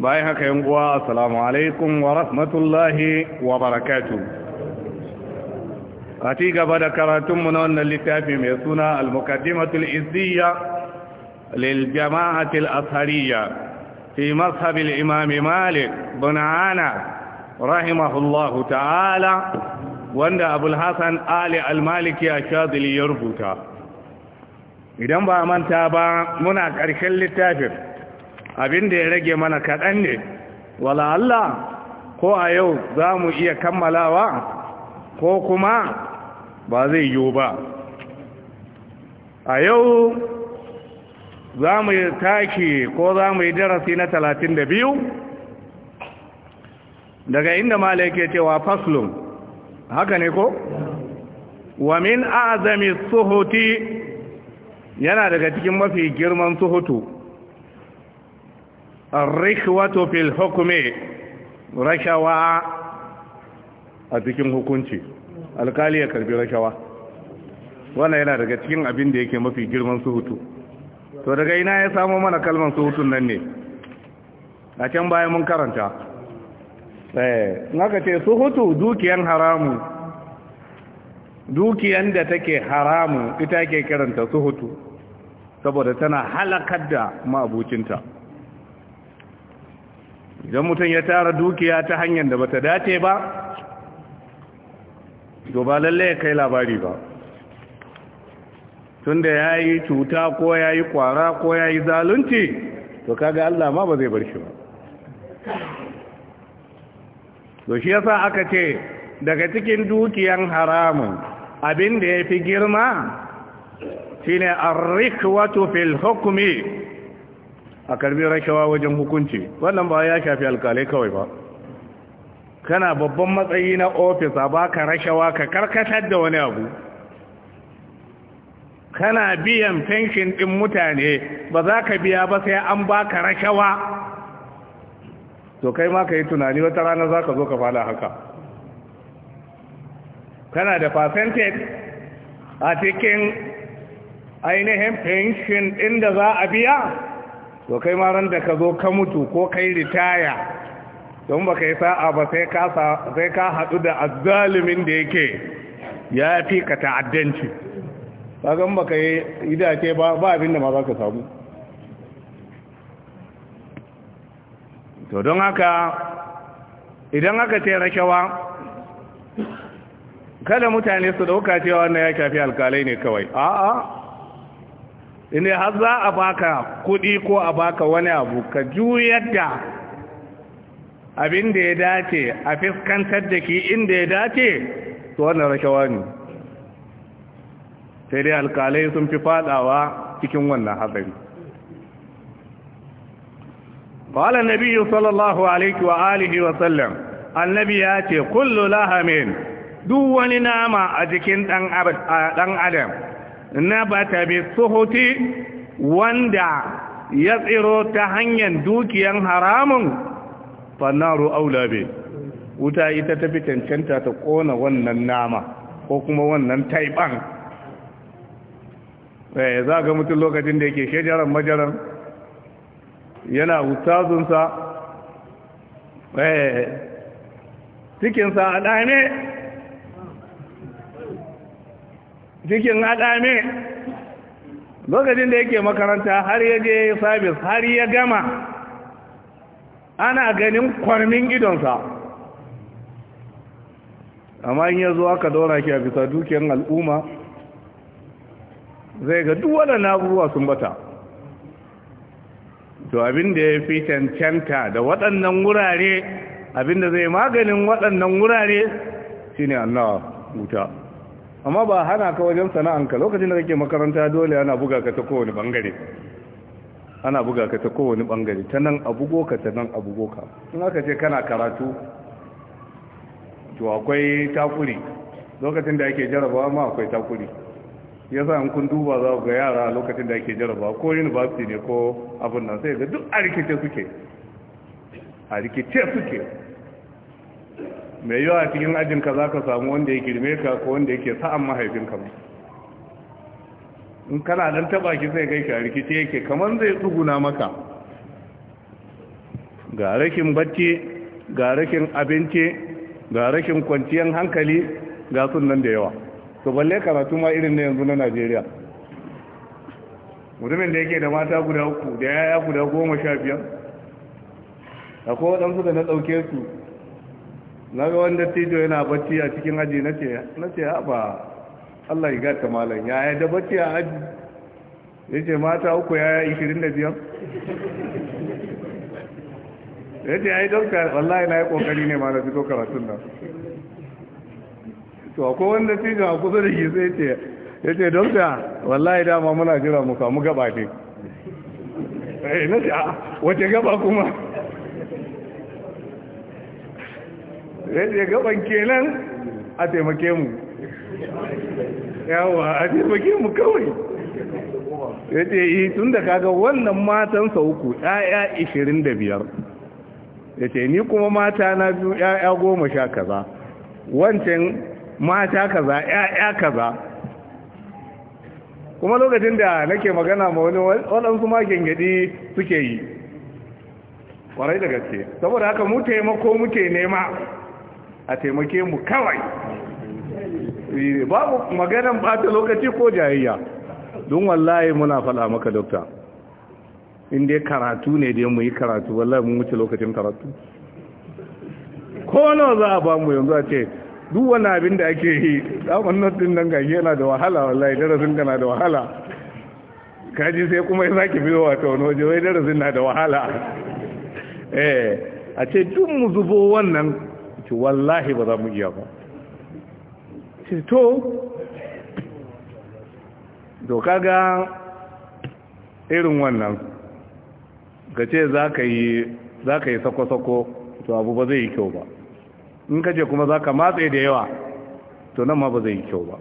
bayan haka yin uwa assalamu alaikum wa rahmatullahi wa barakatu a ci gaba da karatunmu na wannan littafi mai suna al-muqaddimatul izziya lil jama'atil ashariyya fi mazhabil imam malik bin ana rahimahullahu ta'ala wanda abulhassan ali almaliki a shazili ya rubuta idan ba manta ba muna ƙarshen littafin abin da ya rage mana kaɗan ne wala Allah ko a yau za mu iya kammalawa ko kuma ba zai yiwu ba a yau za mu yi taki ko za mu yi darasi na talatin da biyu daga inda yake cewa faslun haka ne ko? wa min azami suhuti yana daga cikin mafi girman suhutu rikwatu fil hukumi rashawa a cikin hukunci alkali ya karbi rashawa wannan yana daga cikin abin da yake mafi girman suhutu to daga ina ya samo mana kalman suhutun nan ne a can bayan mun karanta eh naka ce suhutu dukiyan haramu dukiyan da take haramu ita ke karanta suhutu saboda tana halakar da ma'abucinta idan mutum ya tara dukiya ta hanyar da bata dace ba to ba lalle ya kai labari ba tunda ya yi cuta ko ya yi kwara ko ya yi zalunci to kaga Allah ma ba zai bar shi ba to shi yasa aka ce daga cikin dukiyan haramun abin da ya fi girma shine arrikwatu fil hukmi a karbi rashawa wajen hukunci wannan ba ya shafi alkalai kawai ba kana babban matsayi na ofis a baka rashawa ka karkatar da wani abu kana biyan fenshin ɗin mutane ba za ka biya ba sai an baka rashawa to kai ma ka yi tunani wata rana za ka zo ka fada haka kana da percentage a cikin ainihin fenshin ɗin da za a biya to kai ma ran da ka zo ka mutu ko kai ritaya don ba yi sa'a ba sai ka sai ka hadu da azzalumin da yake ya fi ka ta'addanci kaga ba ka yi idace ba ba abin da ma za ka samu to don haka idan aka ce rashawa kada mutane su dauka cewa wannan ya shafi alkalai ne kawai a'a inda har za a baka kudi ko a baka wani abu ka juyar da abin da ya dace a fiskantar da ke inda ya dace su wannan rashawa ne sai dai alkalai sun fi fadawa cikin wannan hatsari ƙwallon na biyu sallallahu alaiki wa alihi wasallam annabi ya ce kullu lahamin duk wani nama a jikin ɗan adam ta bi suhuti wanda ya tsiro ta hanyar dukiyan haramun fannaru aula bi wuta ita ta fi cancanta ta kona wannan nama ko kuma wannan taiban eh za ga mutum lokacin da yake shejaran majaran yana ustazunsa eh cikinsa a ɗane cikin adame lokacin da yake makaranta har ya je sabis har ya gama ana ganin kwarmin idonsa amma in ya zo aka daura ke a bisa dukiyar al'umma zai ga duk waɗannan abubuwa sun bata to abin da ya fi cancanta da waɗannan wurare abin da zai maganin waɗannan wurare shine Allah wuta amma ba hana ka wajen sana'anka lokacin da kake makaranta dole ana buga ka ta kowane bangare ana buga ka ta kowane bangare ta nan a bugo ka ta nan a bugo ka in aka ce kana karatu to akwai takuri lokacin da ake jarabawa ma akwai takuri ya sa kun duba za ga yara lokacin da ake jarabawa ko university ne ko abin nan sai ga duk a rikice suke a rikice suke mai yawa cikin ajinka za ka samu wanda ya girme ka ko wanda yake sa'an mahaifinka ba in kana dan taba ki sai kai ka rikice yake kamar zai tsuguna maka ga rashin bacci ga rashin abinci ga rashin kwanciyar hankali ga sunan da yawa to balle karatu ma irin na yanzu na Najeriya mutumin da yake da mata guda uku da yaya guda goma sha biyar akwai waɗansu da na ɗauke su na ga wanda tijo yana bacci a cikin aji na ce ya? ba allah ya gata malam ya yi da bacci a aji ya ce mata uku ya yi ishirin da biyar ya ce ya yi dauka wallahi na yi ƙoƙari ne malam fito karatun nan to akwai wanda tijo a kusa da shi sai ce ya ce dauka wallahi dama muna jira muka mu gaba ne eh, na ce a ah, wace gaba kuma ya gaban kenan a taimake mu yawa a taimake mu kawai ya ce yi eh, tun da kaga wannan matansa uku ɗaya ishirin da ya ce ni kuma mata na biyu ɗaya goma sha kaza wancan mata kaza ɗaya kaza kuma lokacin da nake magana ma wani waɗansu ma gengadi suke yi ƙwarai da gaske saboda haka mu taimako muke nema a taimake mu kawai babu maganan bata lokaci ko jayayya don wallahi muna fada maka dokta inda ya karatu ne da mu yi karatu wallahi mun wuce lokacin karatu ko nawa za a ba mu yanzu a ce duk wani abin da ake yi zamanin din nan gaji yana da wahala wallahi darasin gana da wahala kaji sai kuma ya zaki biyo wata wani waje wai darasin na da wahala eh a ce duk mu zubo wannan ce wallahi ba za mu iya ba ce to doka ga irin wannan ga ce za ka yi sako-sako to abu ba zai yi kyau ba in ka ce kuma za ka matse da yawa to nan ma ba zai yi kyau ba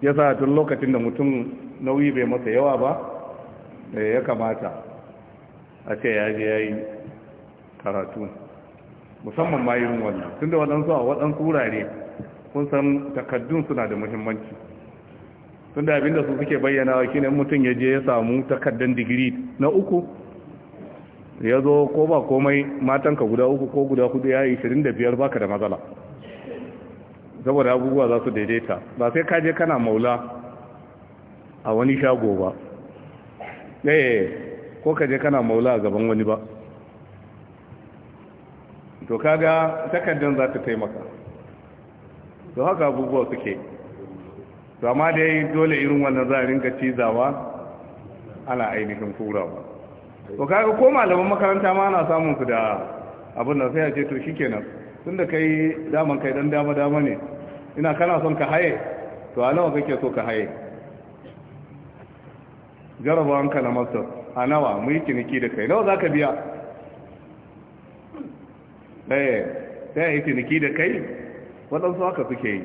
ya sa tun lokacin da mutum nauyi bai masa yawa ba eh, ya kamata a ce ya je ya yi karatu musamman ma irin wannan tunda waɗansu a waɗansu wurare kun san takaddun suna da muhimmanci tunda abinda su suke bayyana wa shine mutum ya je ya samu takaddan digiri na uku ya zo ko ba komai matanka guda uku ko guda hudu ya yi 25 baka da matsala saboda abubuwa za su daidaita ba sai ka je kana maula a wani shago ba eh ko ka je kana maula a gaban wani ba to kaga takardar za ta taimaka to haka abubuwa suke to amma dai dole irin wannan za a rinka cizawa ana ainihin turawa to kaga ko malaman makaranta ma ana samun su da abin da sai a ce to shikenan tun da kai daman kai dan dama dama ne ina kana son ka haye to a nawa kake so ka haye jarabawan na masar a nawa mu yi ciniki da kai nawa za ka biya eh ta yi da kai waɗansu haka suke yi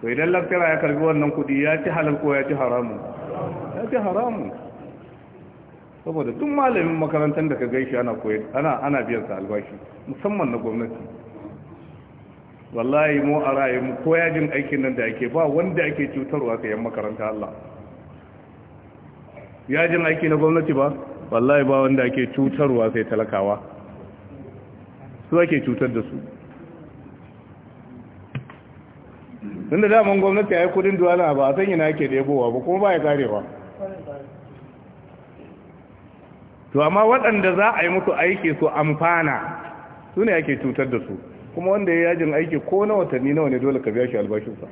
to idan laftara ya karbi wannan kudi ya ci halal ko ya ci haramu ya ci haramu saboda tun malamin makarantar da ka gaishe ana koyar ana ana biyan sa albashi musamman na gwamnati wallahi mu a rayu mu ko yajin aikin nan da ake ba wanda ake cutarwa sayan makaranta Allah yajin aiki na gwamnati ba wallahi ba wanda ake cutarwa sai talakawa su ake cutar da su inda da daman gwamnati a yi kudin duwala ba a san yana da ɗebowa ba kuma ba ya karewa to amma waɗanda za a yi musu aiki su amfana su ne ake cutar da su kuma wanda ya yajin aiki ko na watanni nawa ne dole ka biya shi albashinsa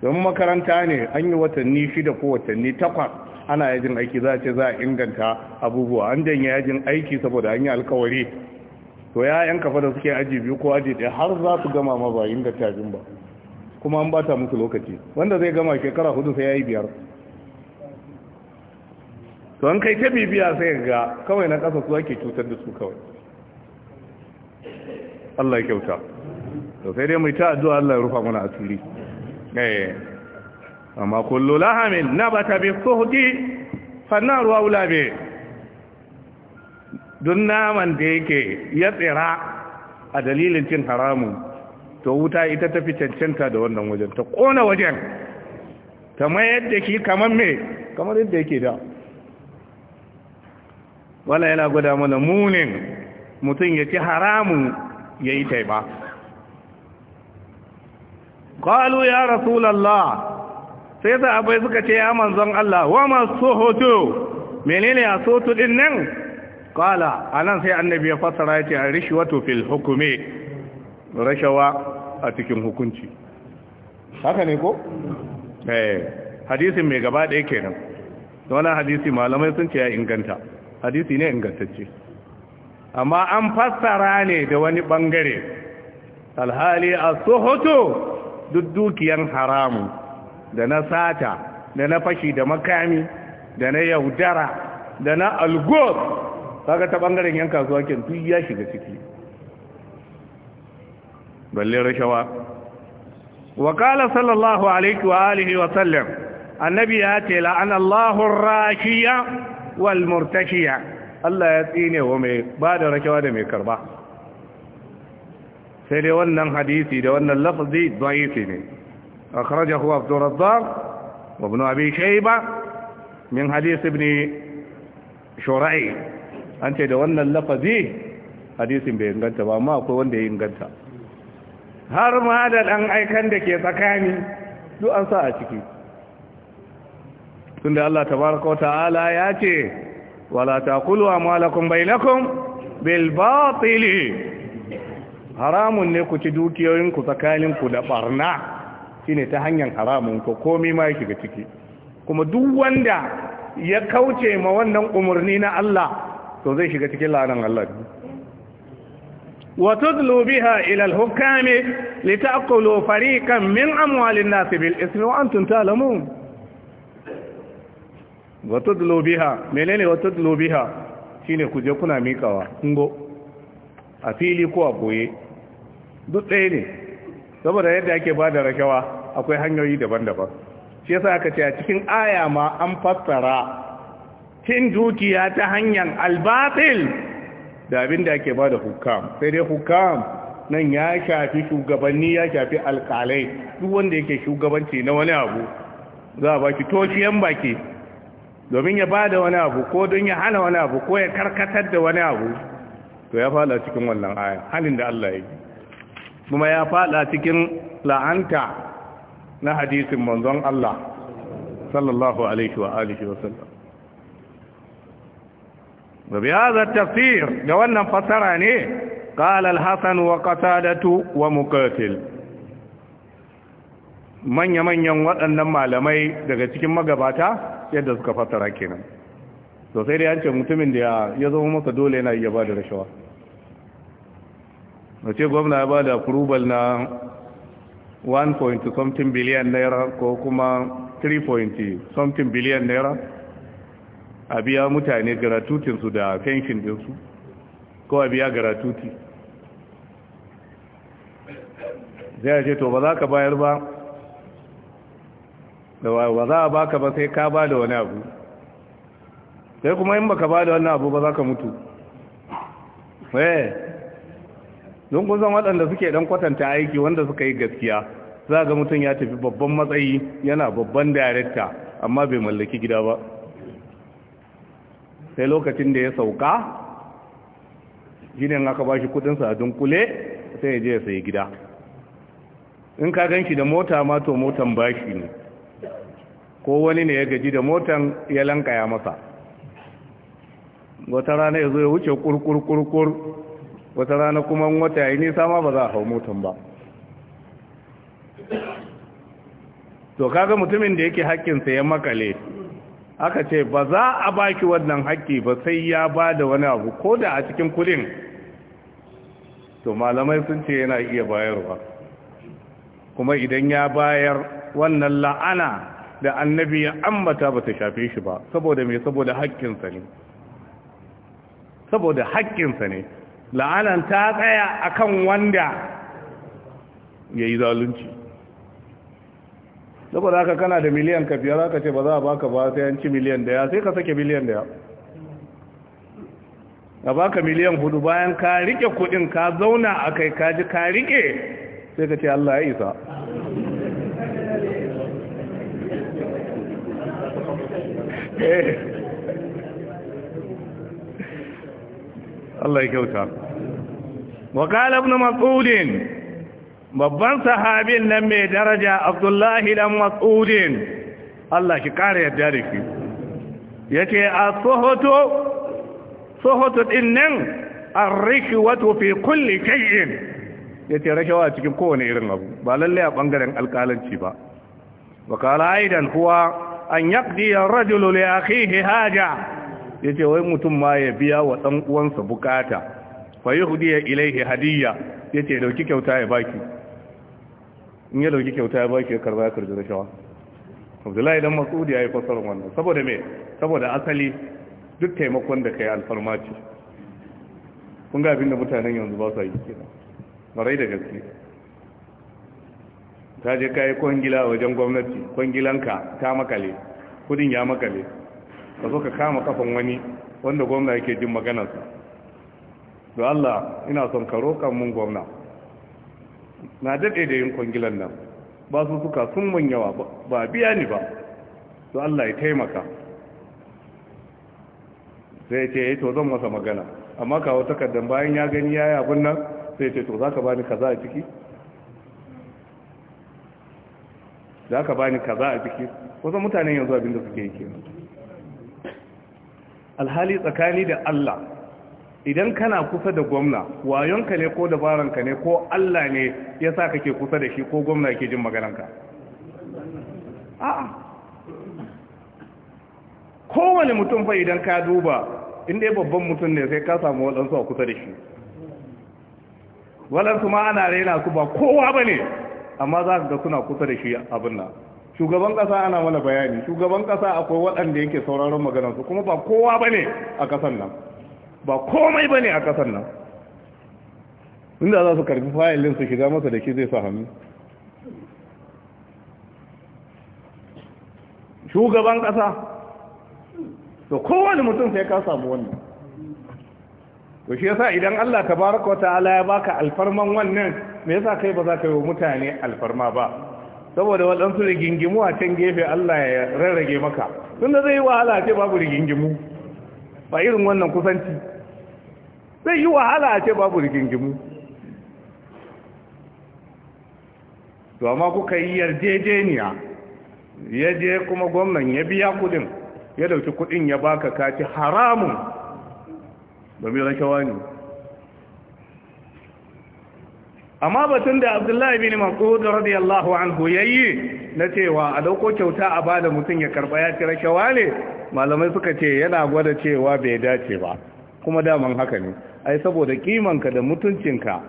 don makaranta ne an yi watanni shida ko watanni takwas ana yajin aiki za a ce za a inganta abubuwa an janye yajin aiki saboda an yi alkawari to ya yayan kafa da suke aji biyu ko aji ɗaya har za su gama ma ba yin tajin ba kuma an bata musu lokaci wanda zai gama shekara hudu sai ya yi biyar to an kai ta bibiya sai ga kawai na ƙasa su ake cutar da su kawai Allah ya kyauta to sai dai mai ta addu'a Allah ya rufa mana asiri eh amma kullu lahamin nabata bi suhdi fannaru aula bi Dun naman da yake ya tsira a dalilin cin haramun to wuta ita ta fi cancanta da wannan wajen ta kona wajen ta mayar da ke kamar me kamar yadda yake da wala yana guda mana munin mutum ya ci haramun ya yi taiba ƙalu ya rasulallah sai abai suka ce ya manzon Allah wa masu hoto menene a soto din nan kala a nan sai annabi ya fassara ya ce a rishwatu fil hukume rashawa a cikin hukunci haka ne ko? ee eh, hadisin mai gaba ɗaya kenan wani hadisi malamai sun ce ya inganta hadisi ne ingantacce amma an fassara ne da wani ɓangare alhali a sohoto duk dukiyan haramu da na sata da na fashi da makami da na yaudara da na algor kaga ta bangaren yan kasuwa kin duk ya shiga ciki balle rashawa wa qala sallallahu alaihi wa alihi wa sallam annabi ya ce la'ana Allahu rashiya wal murtashiya Allah ya tsine wa mai bada rashawa da mai karba sai dai wannan hadisi da wannan lafzi dhaifi ne akhrajahu Abdul Razzaq wa ibn Abi Shayba min hadith ibn Shuraih an ce da wannan lafazi hadisin bai inganta ba amma akwai wanda ya inganta har ma da ɗan aikan da ke tsakani duk an sa a ciki tunda Allah tabaraka wa ta'ala ya ce wala taqulu amalakum bainakum bil batil haramun ne ku ci dukiyoyin ku tsakanin ku da barna shine ta hanyar haramun ko komai ma yake ga ciki kuma duk wanda ya kauce ma wannan umurni na Allah to zai shiga cikin la'anar Allah wa tudlu biha ila al-hukam li ta'qulu fariqan min amwalin nas bil ismi wa antum ta'lamun wa tudlu biha menene wa tudlu biha shine ku je kuna mikawa kungo a fili ko a boye duk ɗaya ne saboda yadda ake ba da rashawa akwai hanyoyi daban-daban shi yasa aka ce a cikin aya ma an fassara cin dukiya ta hanyar albatil da abin da ake ba da hukam sai dai hukam nan ya shafi shugabanni ya shafi alkalai duk wanda yake shugabanci na wani abu za a baki shi toshiyan baki domin ya ba da wani abu ko don ya hana wani abu ko ya karkatar da wani abu to ya fada cikin wannan aya halin da Allah ya yi kuma ya fada cikin la'anta na hadisin manzon Allah sallallahu alaihi wa alihi wa sallam wa bi hadha tafsir da wannan fasara ne kalal al-hasan wa qatadatu wa muqatil manya manyan waɗannan malamai daga cikin magabata yadda suka fasara kenan Sosai da yancin mutumin da ya zama masa dole yana iya ba da rashawa ce gwamna ya ba da approval na 1.something billion naira ko kuma 3. something billion naira a biya mutane garatutinsu da fenshin dinsu ko a biya garatuti zai ce to ba za ka bayar ba da ba za a baka ba sai ka ba da wani abu sai kuma in baka ba da wani abu ba za ka mutu eh, don kun san waɗanda suke ɗan kwatanta aiki wanda suka yi gaskiya za ga mutum ya tafi babban matsayi yana babban darekta amma bai mallaki gida ba sai lokacin da ya sauka jinin aka ba shi kudinsa a dunkule sai ya je ya sayi gida in ka gan da mota ma motan bashi ne ko wani ne ya gaji da motan ya lankaya masa wata rana ya zo ya wuce kurkurkurkur wata rana kuma wata yi nisa ma ba za a hau motan ba to kaga mutumin da yake hakkinsa ya makale aka ce ba za a baki wannan haƙƙi ba sai ya ba da wani abu ko da a cikin kudin to malamai sun ce yana iya bayarwa kuma idan ya bayar wannan la'ana da annabi ya ambata ba ta shafe shi ba saboda mai saboda haƙƙinsa ne saboda haƙƙinsa ne la'anan ta tsaya a kan wanda ya yi zalunci saboda haka kana da miliyan ka biyar aka ce ba za a baka ba sai an ci miliyan daya sai ka sake miliyan daya a baka miliyan hudu bayan ka rike kudin ka zauna a kai ka ji ka rike sai ka ce Allah ya isa Allah ya kyauta wa qala ibn mas'udin babban sahabin nan mai daraja abdullahi dan mas'udin Allah ki kare yadda da ki yace a sohoto sohoto din nan ar wato fi kulli ce yace rashawa cikin kowane irin abu ba lalle a bangaren alƙalanci ba kala aidan kuwa an yaqdi ar-rajulu li akhihi haja ce wai mutum ma ya biya wa dan uwansa bukata fa yuhdi ilaihi hadiyya ce dauki kyauta ya baki in ya dauki kyauta ya baki ya karba ya karbi rashawa abdullahi dan mas'udi ya yi fasarar wannan saboda me saboda asali duk taimakon da kai alfarma ce kun ga abinda mutanen yanzu ba su yi kenan marai da gaske ta je kai kwangila wajen gwamnati kwangilanka ta makale kudin ya makale ka zo ka kama kafan wani wanda gwamna yake jin maganarsa don Allah ina son ka roƙa mun gwamna na daɗe da yin kwangilan nan ba su suka sun manyawa ba biya ni ba to Allah ya taimaka sai ce ya eh, to zan masa magana amma kawo takardar bayan ya gani ya yi nan sai ce to za ka bani kaza a ciki za ka bani kaza a ciki wasu mutanen yanzu abinda suke yake. alhali tsakani da Allah idan kana kusa da gwamna wayonka ne ko dabaranka ne ko Allah ne ya sa kake kusa da shi ko gwamna ke jin maganarka a'a kowane mutum fa idan ka duba inda ya babban mutum ne sai ka samu waɗansu a kusa da shi waɗansu ma ana raina su ba kowa ba ne amma za ka ga suna kusa da shi abin nan shugaban ƙasa ana mana bayani shugaban ƙasa akwai waɗanda yake sauraron maganarsu kuma ba kowa ba ne a ƙasar nan ba komai ba ne a ƙasar nan inda za su karfi fayilin su shiga masa da shi zai sa hannu shugaban ƙasa to kowane mutum sai ka samu wannan to shi yasa idan Allah Ta wata ala ya baka alfarman wannan me yasa kai ba za ka yi mutane alfarma ba saboda waɗansu rigingimu a can gefe Allah ya rarrage maka tunda zai yi wahala ce babu rigingimu ba irin wannan kusanci zai yi wahala a ce babu rigingimu to kuka yi yarjejeniya ya je kuma gwamnan ya biya kudin ya dauki kudin ya baka kaci haramun domin rashawa ne amma batun da abdullahi bin masud radiyallahu anhu yayi na cewa a dauko kyauta a bada mutum ya karba ya ci rashawa ne malamai suka ce yana gwada cewa bai dace ba kuma daman haka ne ai saboda kimanka da mutuncinka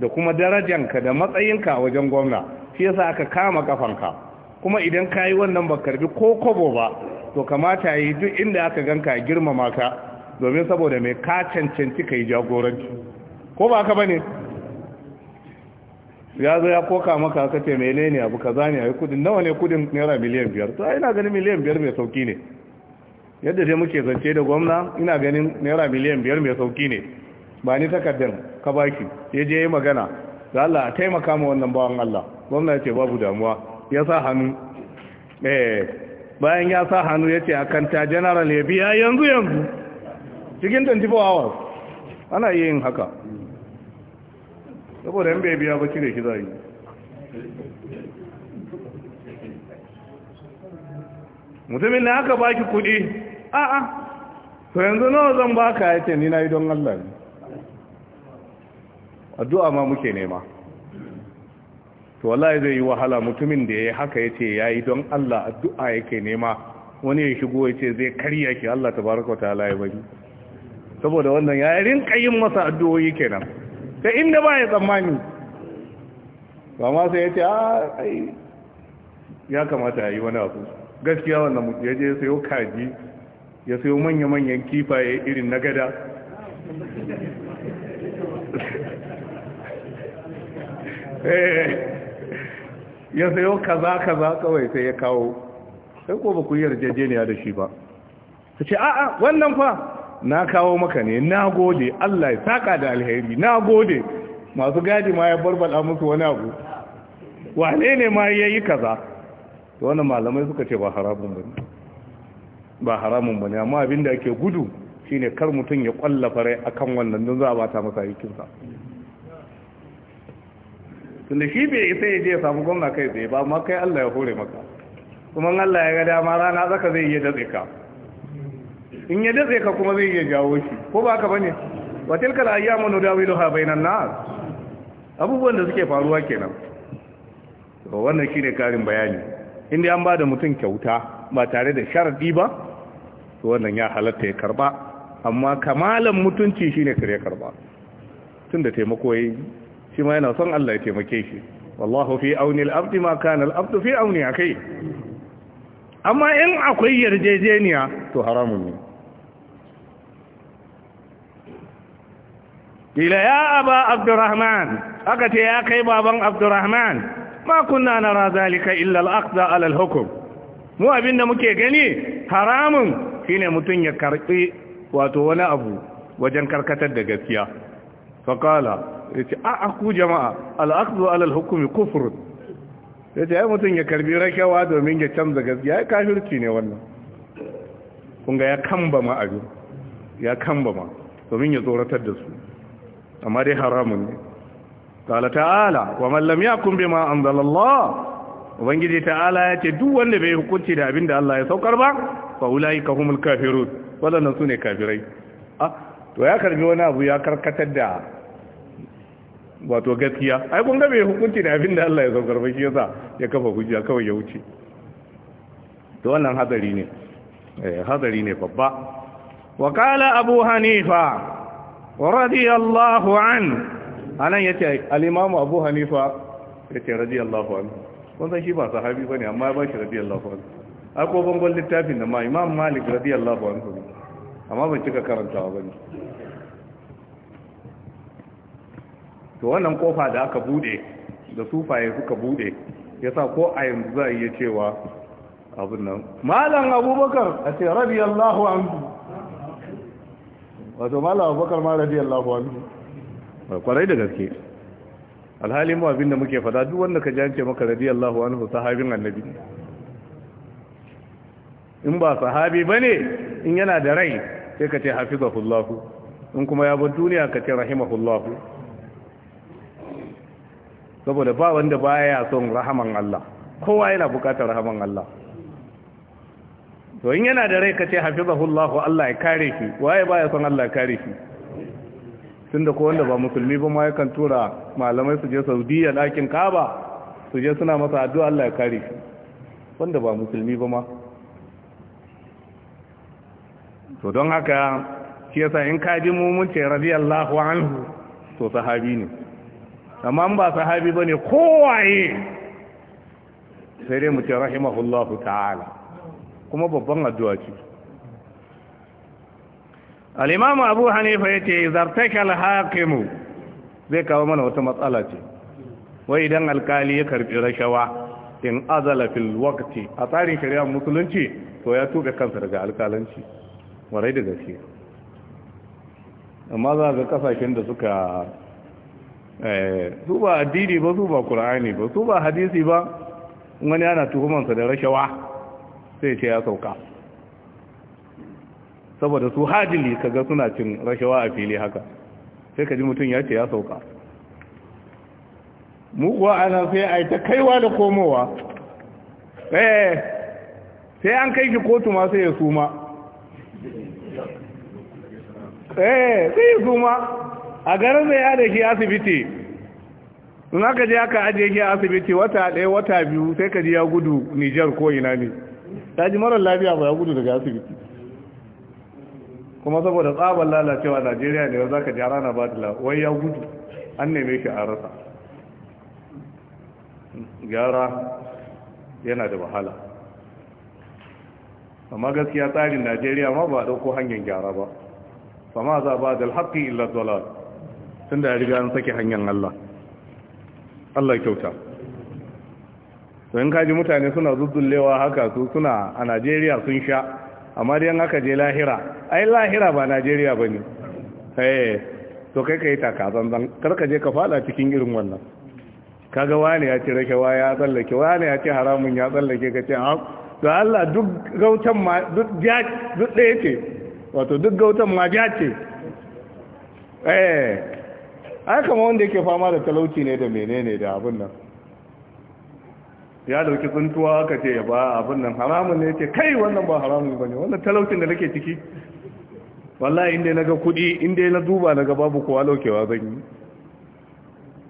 da kuma darajanka da matsayinka wajen gwamna shi yasa aka kama kafanka kuma idan ka yi wannan ba karbi ko kobo ba to kamata yi duk inda aka ganka girmama ka domin saboda mai ka cancanci ka yi jagoranci ko ba ka bane ya zo ya koka maka aka ce mene ne abu kaza ne ayi kudin nawa ne kudin naira miliyan biyar to ina ganin miliyan biyar mai sauki ne yadda dai muke zance da gwamna ina ganin naira miliyan biyar mai sauki ne ba ni takardar ka baki ya je yi magana da Allah a taimaka ma wannan bawan Allah gwamna ce babu damuwa ya sa hannu eh bayan ya sa hannu ya ce ta general ya biya yanzu yanzu cikin 24 hours ana iya yin haka saboda yan bai biya ba cire shi za yi mutumin na aka baki kudi a'a to yanzu nawa zan baka ya ce ni na yi don Allah ne addu'a ma muke nema to wallahi zai yi wahala mutumin da yayi haka ya ce ya yi don Allah addu'a yake nema wani ya shigo ya ce zai karya ki Allah baraka ta halaye bari saboda wannan ya yi kayin masa addu'o'i kenan ta inda ba ya tsammani ba ma sai ce a ah, ai ya kamata yi wani abu gaskiya wannan ya je sayo kaji ya sayo manya-manyan kifaye irin na gada Eh. ya sayo kaza kaza kawai sai ya kawo sai ko ba ku yi yarjejeniya da shi ba ta ce a'a wannan fa na kawo maka ne na gode Allah ya saka da alheri na gode masu gadi ma ya barbada musu wani abu wane ne ma ya yi kaza Da wani malamai suka ce ba haramun ba ne ba haramun ba amma abinda ake gudu shine kar mutum ya rai rai akan wannan don za a bata masa sa. tunda shi bai isa ya je ya samu gwamna kai tsaye ba amma kai Allah ya hore maka kuma Allah ya ga dama rana zaka zai iya datse ka in ya datse ka kuma zai iya jawo shi ko ba ka bane wa tilkal ayyamu nudawiluha bainan nas abubuwan da suke faruwa kenan to wannan shine karin bayani inda an ba da mutum kyauta ba tare da sharadi ba to wannan ya halatta ya karba amma kamalan mutunci shine kare karba tunda taimako yayi shi ma yana son Allah ya taimake shi wallahu fi auni al ma kana al fi auni akai amma in akwai yarjejeniya to haramun ne ila ya aba abdurrahman aka ce ya kai baban abdurrahman ma kunna nara zalika illa al-aqda ala al-hukm mu abinda muke gani haramun shine mutun ya karbi wato wani abu wajen karkatar da gaskiya faqala ya ce a'a ku jama'a al'aqdu alal hukumi kufrun ya ce ai mutum ya karbi rakewa domin ya canza gaskiya ya kafirci ne wannan kunga ya kamba ma abin ya kamba ma domin ya tsoratar da su amma dai haramun ne qala ta'ala wa man lam yakum bima anzalallah ubangiji ta'ala ya ce duk wanda bai hukunci da abin da Allah ya saukar ba fa ka humul kafirun su ne kafirai ah to ya karbi wani abu ya karkatar da wato gaskiya ai kun ga bai hukunci da abin da Allah ya saukar ba shi yasa ya kafa hujja kawai ya wuce to wannan hadari ne eh hadari ne babba wa qala abu hanifa radiyallahu an anan yace al-imam abu hanifa yace radiyallahu an kun san shi ba sahabi bane amma ba shi radiyallahu an akwai bangon littafin da ma imam malik radiyallahu an amma ban cika karantawa bane to wannan kofa da aka bude da sufaye suka bude yasa ko a yanzu za a iya cewa abin nan malam abubakar a ce radiyallahu anhu wato malam abubakar ma radiyallahu anhu kwarai da gaske alhali mu abinda muke fada duk wanda ka jance maka radiyallahu anhu sahabin annabi in ba sahabi bane in yana da rai sai ka ce hafizahullahu in kuma ya bar duniya ka ce rahimahullahu saboda ba wanda ba ya son rahaman Allah kowa yana bukatar rahaman Allah to in yana da rai kace hafizahullahu Allah ya kare shi waye ba ya son Allah ya kare shi tunda ko wanda ba musulmi ba ma yakan tura malamai su je Saudiya ɗakin Kaaba su je suna masa addu'a Allah ya kare shi wanda ba musulmi ba ma to don haka shi yasa in ka ji mu mun ce radiyallahu anhu to sahabi ne amma ba sahabi ba ne kowaye sai dai mu rahimahullahu ta'ala kuma babban addu'a ce al'imamu abu hanifa ya ce zartakal hakimu zai kawo mana wata matsala ce wai idan alkali ya karbi rashawa in azala fil waqti a tsarin shari'a musulunci to ya tuka kansa daga alkalanci warai da gaske amma za ga kasashen da suka Eh, su ba addini ba su ba qur'ani ba su ba hadisi ba wani ana tuhumansa da rashawa sai ce ya sauka saboda su hajili kaga suna cin rashawa a fili haka sai ka ji mutum ya ce ya sauka mu ana sai a yi ta kaiwa da komowa eh sai an kai shi kotu ma sai ya suma eh sai ya suma a garin da ya da asibiti in aka je aka ajiye shi asibiti wata ɗaya wata biyu sai ka ji ya gudu nijar ko ina ne ta ji marar lafiya ba ya gudu daga asibiti kuma saboda tsabar lalacewa najeriya ne za ka ji rana ba ta wai ya gudu an neme shi a rasa gyara yana da wahala amma gaskiya tsarin najeriya ma ba a ɗauko hanyar gyara ba fama za ba da alhaƙi illa dolar tunda ya riga an sake hanyar Allah Allah kyauta to in kaji mutane suna zuzzullewa haka su suna a Najeriya sun sha amma dai haka je lahira ai lahira ba Najeriya bane eh to kai kai taka zanzan karka je ka fada cikin irin wannan kaga wani ya ce rake wa ya tsallake wani ya ce haramun ya tsallake ka ce ha ah, to Allah duk gautan ma duk ja duk ɗaya ce wato duk gautan ma ya ce eh ai kama wanda yake fama da talauci ne da menene da abin nan ya dauki tsuntuwa aka ce ya ba abin nan haramun ne ce kai wannan ba haramun ba ne wannan talaucin da nake ciki wallahi inda na ga kudi inda na duba na ga babu kowa laukewa zan yi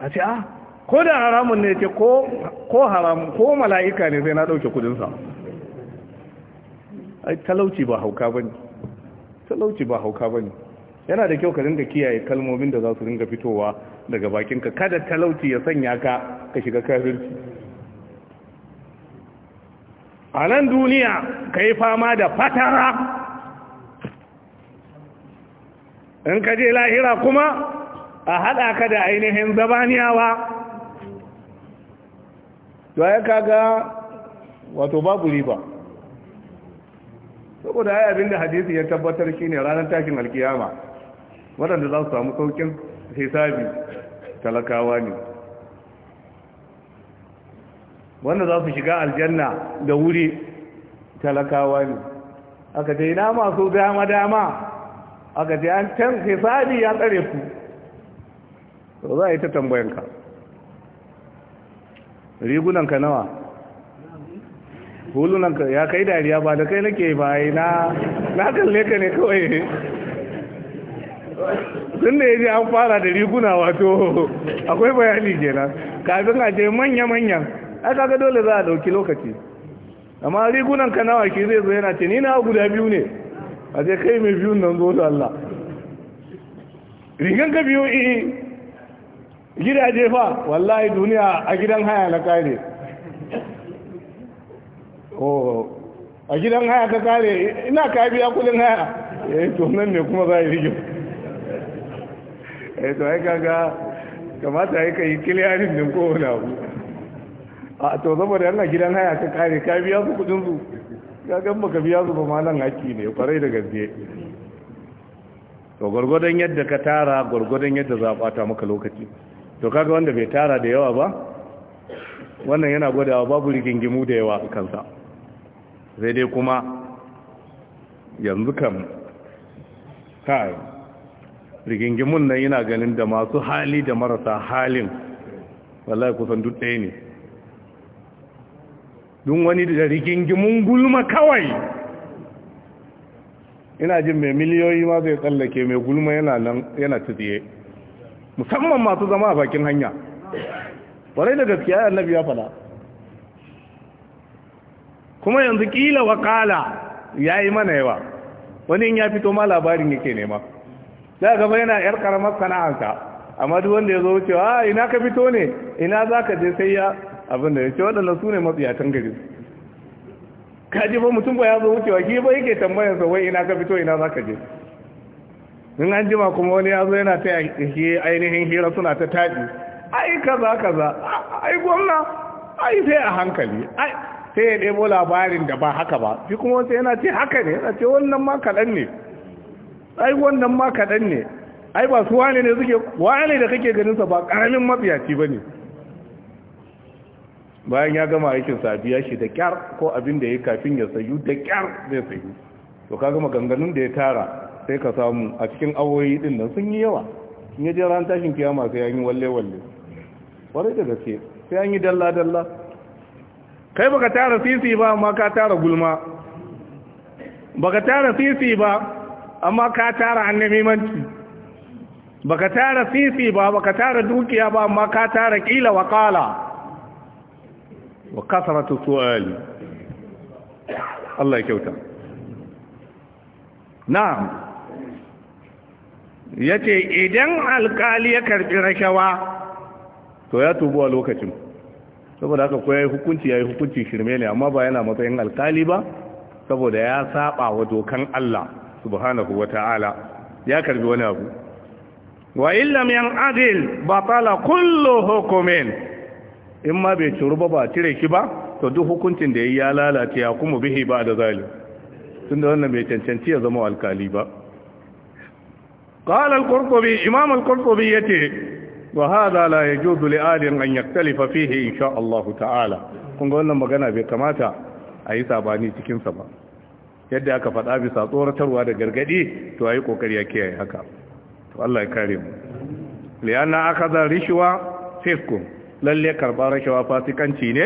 a ce ah ko da haramun ne ce ko haramun ko mala'ika ne zai na dauke kudinsa ai talauci ba hauka ba ne talauci ba hauka ba ne yana da kyau ka ringa kiyaye kalmomin da za su ringa fitowa daga bakinka kada talauci ya sanya ka ka shiga kafirci a nan duniya ka yi fama da fatara in ka je lahira kuma a haɗa ka da ainihin zabaniyawa to ya kaga wato babu riba saboda ya abinda hadisi ya tabbatar shine ranar tashin alkiyama waɗanda za su samu saukin hisabi talakawa ne wanda za su shiga aljanna da wuri talakawa ne aka yi ina masu dama-dama aka yi an can hisabi ya tsare ku to za a yi ta tambayanka rigunanka nawa hulunanka ya kai dariya ba da kai nake ba na na kalle ka ne kawai tun da ya ji an fara da riguna wato akwai bayani kenan kafin a je manya-manyan ai kaga dole za a dauki lokaci amma rigunan ka nawa ke zai zai yana ce ni na guda biyu ne a je kai mai biyun nan zo da Allah rigan ka biyu i gidaje fa wallahi duniya a gidan haya na kare a gidan haya ka kare ina ka biya kudin haya ya eh, to nan ne kuma za a yi rigin eh to ai kaga kamata ai kai kiliyarin din ko wani abu a to saboda yana gidan haya ka kare ka biya su kudin su ka gan baka biya su ba malan haki ne kwarai da gaske to gwargwadon yadda ka tara gwargwadon yadda za a bata maka lokaci to kaga wanda bai tara da yawa ba wannan yana gwadawa babu rigingimu da yawa a kansa sai dai kuma yanzu kan kai rigingimun nan yana ganin da masu hali da marasa halin wallahi kusan duk ɗaya ne don wani da rigingimun gulma kawai ina jin mai miliyoyi ma zai tsallake mai gulma yana nan yana tsiye musamman masu zama a bakin hanya warai da gaskiya annabi ya fada kuma yanzu kila wakala ya yi mana yawa wani ya fito ma labarin yake nema za gaba yana yar karamar sana'anka amma duk wanda ya zo wucewa a ah, ina ka fito ne ina za ka je sai ya abin da ya ce waɗanda su ne matsiyatan gari ka ji ba mutum ba ya zo wucewa ki ba yake tambayar sa wai ina ka fito ina za ka je in an jima kuma wani ya zo yana ta yi ainihin hira suna ta taɗi ai kaza kaza ai gwamna ai sai a hankali ai sai ya ɗebo labarin da ba haka ba shi kuma wasu yana ce haka ne yana ce wannan ma kaɗan ne ai wannan ma kaɗan ne ai ba su wane ne suke wane da kake ganinsa ba ƙaramin matsiyaci ba ne bayan ya gama aikin safiya shi da kyar ko abin da ya kafin ya sayu da kyar zai sayu to ka gama ganganun da ya tara sai ka samu a cikin awoyi din nan sun yi yawa in yaje ran tashin kiyama sai an yi walle walle kwarai da gaske sai an yi dalla dalla kai baka tara sisi ba amma ka tara gulma baka tara sisi ba amma ka tara ba ka tara sisi ba ka tara dukiya ba amma ka tara kila wa kala wa kasaratu su'ali Allah ya kyauta Na ya ce idan alkali ya karfi rashawa to ya tubu a lokacin saboda haka koyar hukunci ya yi hukunci shirme ne amma ba yana matsayin alkali ba saboda ya saba wa dokan Allah subhanahu wa ta'ala ya karbi wani abu wa illam yan adil batala kullu hukumin in ma bai curu ba ba cire shi ba to duk hukuncin da yayi ya lalace ya kuma bihi ba da zalim tunda wannan bai cancanci ya zama alkali ba qala al-qurtubi imam al-qurtubi yace wa hadha la yajuzu li adin an yaktalifa fihi insha Allah ta'ala kun ga wannan magana bai kamata a yi sabani cikin sa ba yadda aka faɗa bisa tsoratarwa da gargaɗi to a yi ƙoƙari ya kiyaye haka to Allah ya kare mu liyana aka zan rishuwa fisku lalle karɓar rashawa fasikanci ne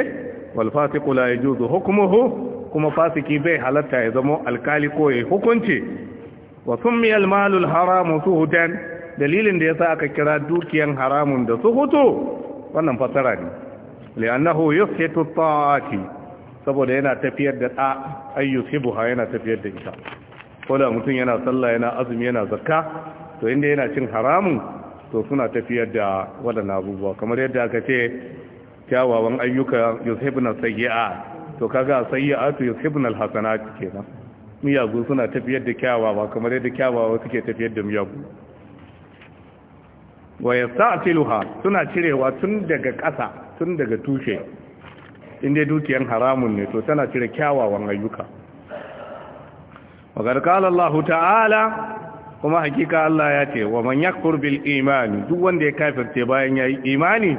wal fasiku la ya juzu hukumuhu kuma fasiki bai halatta ya zama alkali ko ya hukunci wa summiyal malul haramu suhutan dalilin da yasa aka kira dukiyan haramun da su hutu? wannan fasara ne li'annahu yufsitu ta'ati saboda yana tafiyar da ɗa Ayyu buha yana tafiyar da ita koda mutum yana sallah yana azumi yana zakka to inda yana cin haramun to suna tafiyar da waɗannan abubuwa kamar yadda aka ce kyawawan ayyuka na sayyi'a to kaga sayyi'atu yusibna ke kenan miyagu suna tafiyar da kyawawa kamar yadda kyawawa suke tafiyar da miyagu wa yasta'tiluha suna cirewa tun daga ƙasa tun daga tushe inda dukiyar haramun ne to tana cire kyawawan ayyuka wakar kala Allah ta'ala kuma hakika Allah ya ce wa man yakfur bil imani duk wanda ya kafirce bayan yayi imani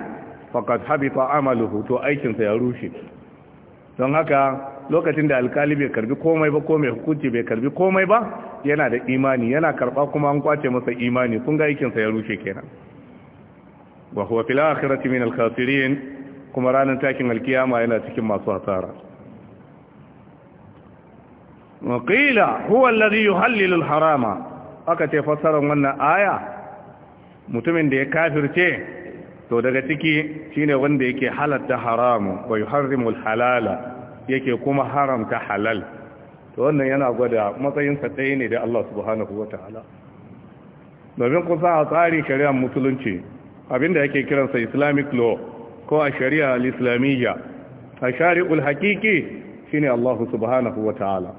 faqad habita amaluhu to aikinsa ya rushe don haka lokacin da alkali bai karbi komai ba ko mai hukunci bai karbi komai ba yana da imani yana karba kuma an kwace masa imani kun ga aikinsa ya rushe kenan wa huwa fil akhirati min al-khasirin kuma ranar takin alkiyama yana cikin masu hasara waƙila huwa lari yi hallilul harama aka ce fassarar wannan aya mutumin da ya kafirce to daga ciki shine wanda yake halatta haramu bai harrimul halala yake kuma haramta halal to wannan yana gwada matsayinsa ɗaya ne da Allah subhanahu wa domin kusa a tsari shari'ar musulunci abinda yake kiransa islamic law ko a shari'a al-islamiyya a shari'ul haqiqi shine Allah subhanahu wa ta'ala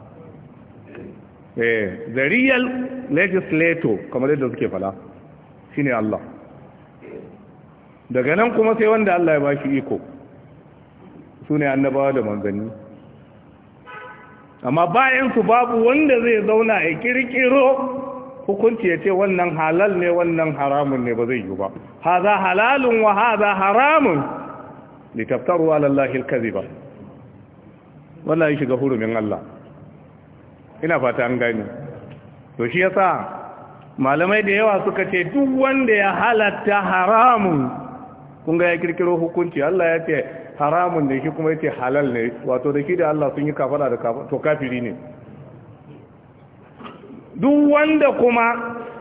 eh, the real legislator kamar yadda suke fala shine Allah daga nan kuma sai wanda Allah ya ba shi iko sune annabawa da manzanni amma bayan su babu wanda zai zauna a kirkiro hukunci ya ce wannan halal ne wannan haramun ne ba zai yi ba haza halalun wa haza haramun litaftaru ala Allah Wannan wallahi shiga hurumin Allah ina fata an gani to shi yasa malamai da yawa suka ce duk wanda ya halatta haramun kun ga ya kirkiro hukunci Allah ya ce haramun ne shi kuma ya ce halal ne wato da shi da Allah sun yi kafara da kafara to kafiri ne duk wanda kuma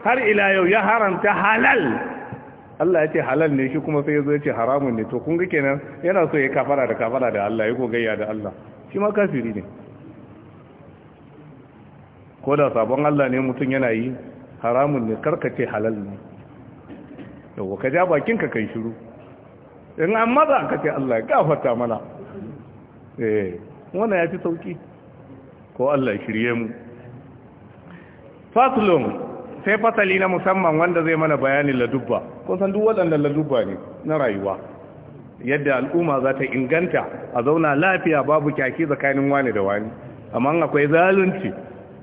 har ila yau ya haramta halal Allah ya ce halal ne shi kuma sai ya zo ya ce haramun ne to kun ga kenan yana so ya kafara da kafara da Allah ya gogayya da Allah shi ma kafiri ne ko da sabon Allah ne mutum yana yi haramun ne karkace halal ne yau ka ja bakinka kai shiru in an maza ka ce Allah ya gafarta mana eh wannan ya fi sauki ko Allah ya shirye mu faslun sai fasali na musamman wanda zai mana bayanin ladubba kusan duk waɗanda ladubba ne na rayuwa yadda al'umma za ta inganta a zauna lafiya babu kyaki tsakanin wani da wani amma akwai zalunci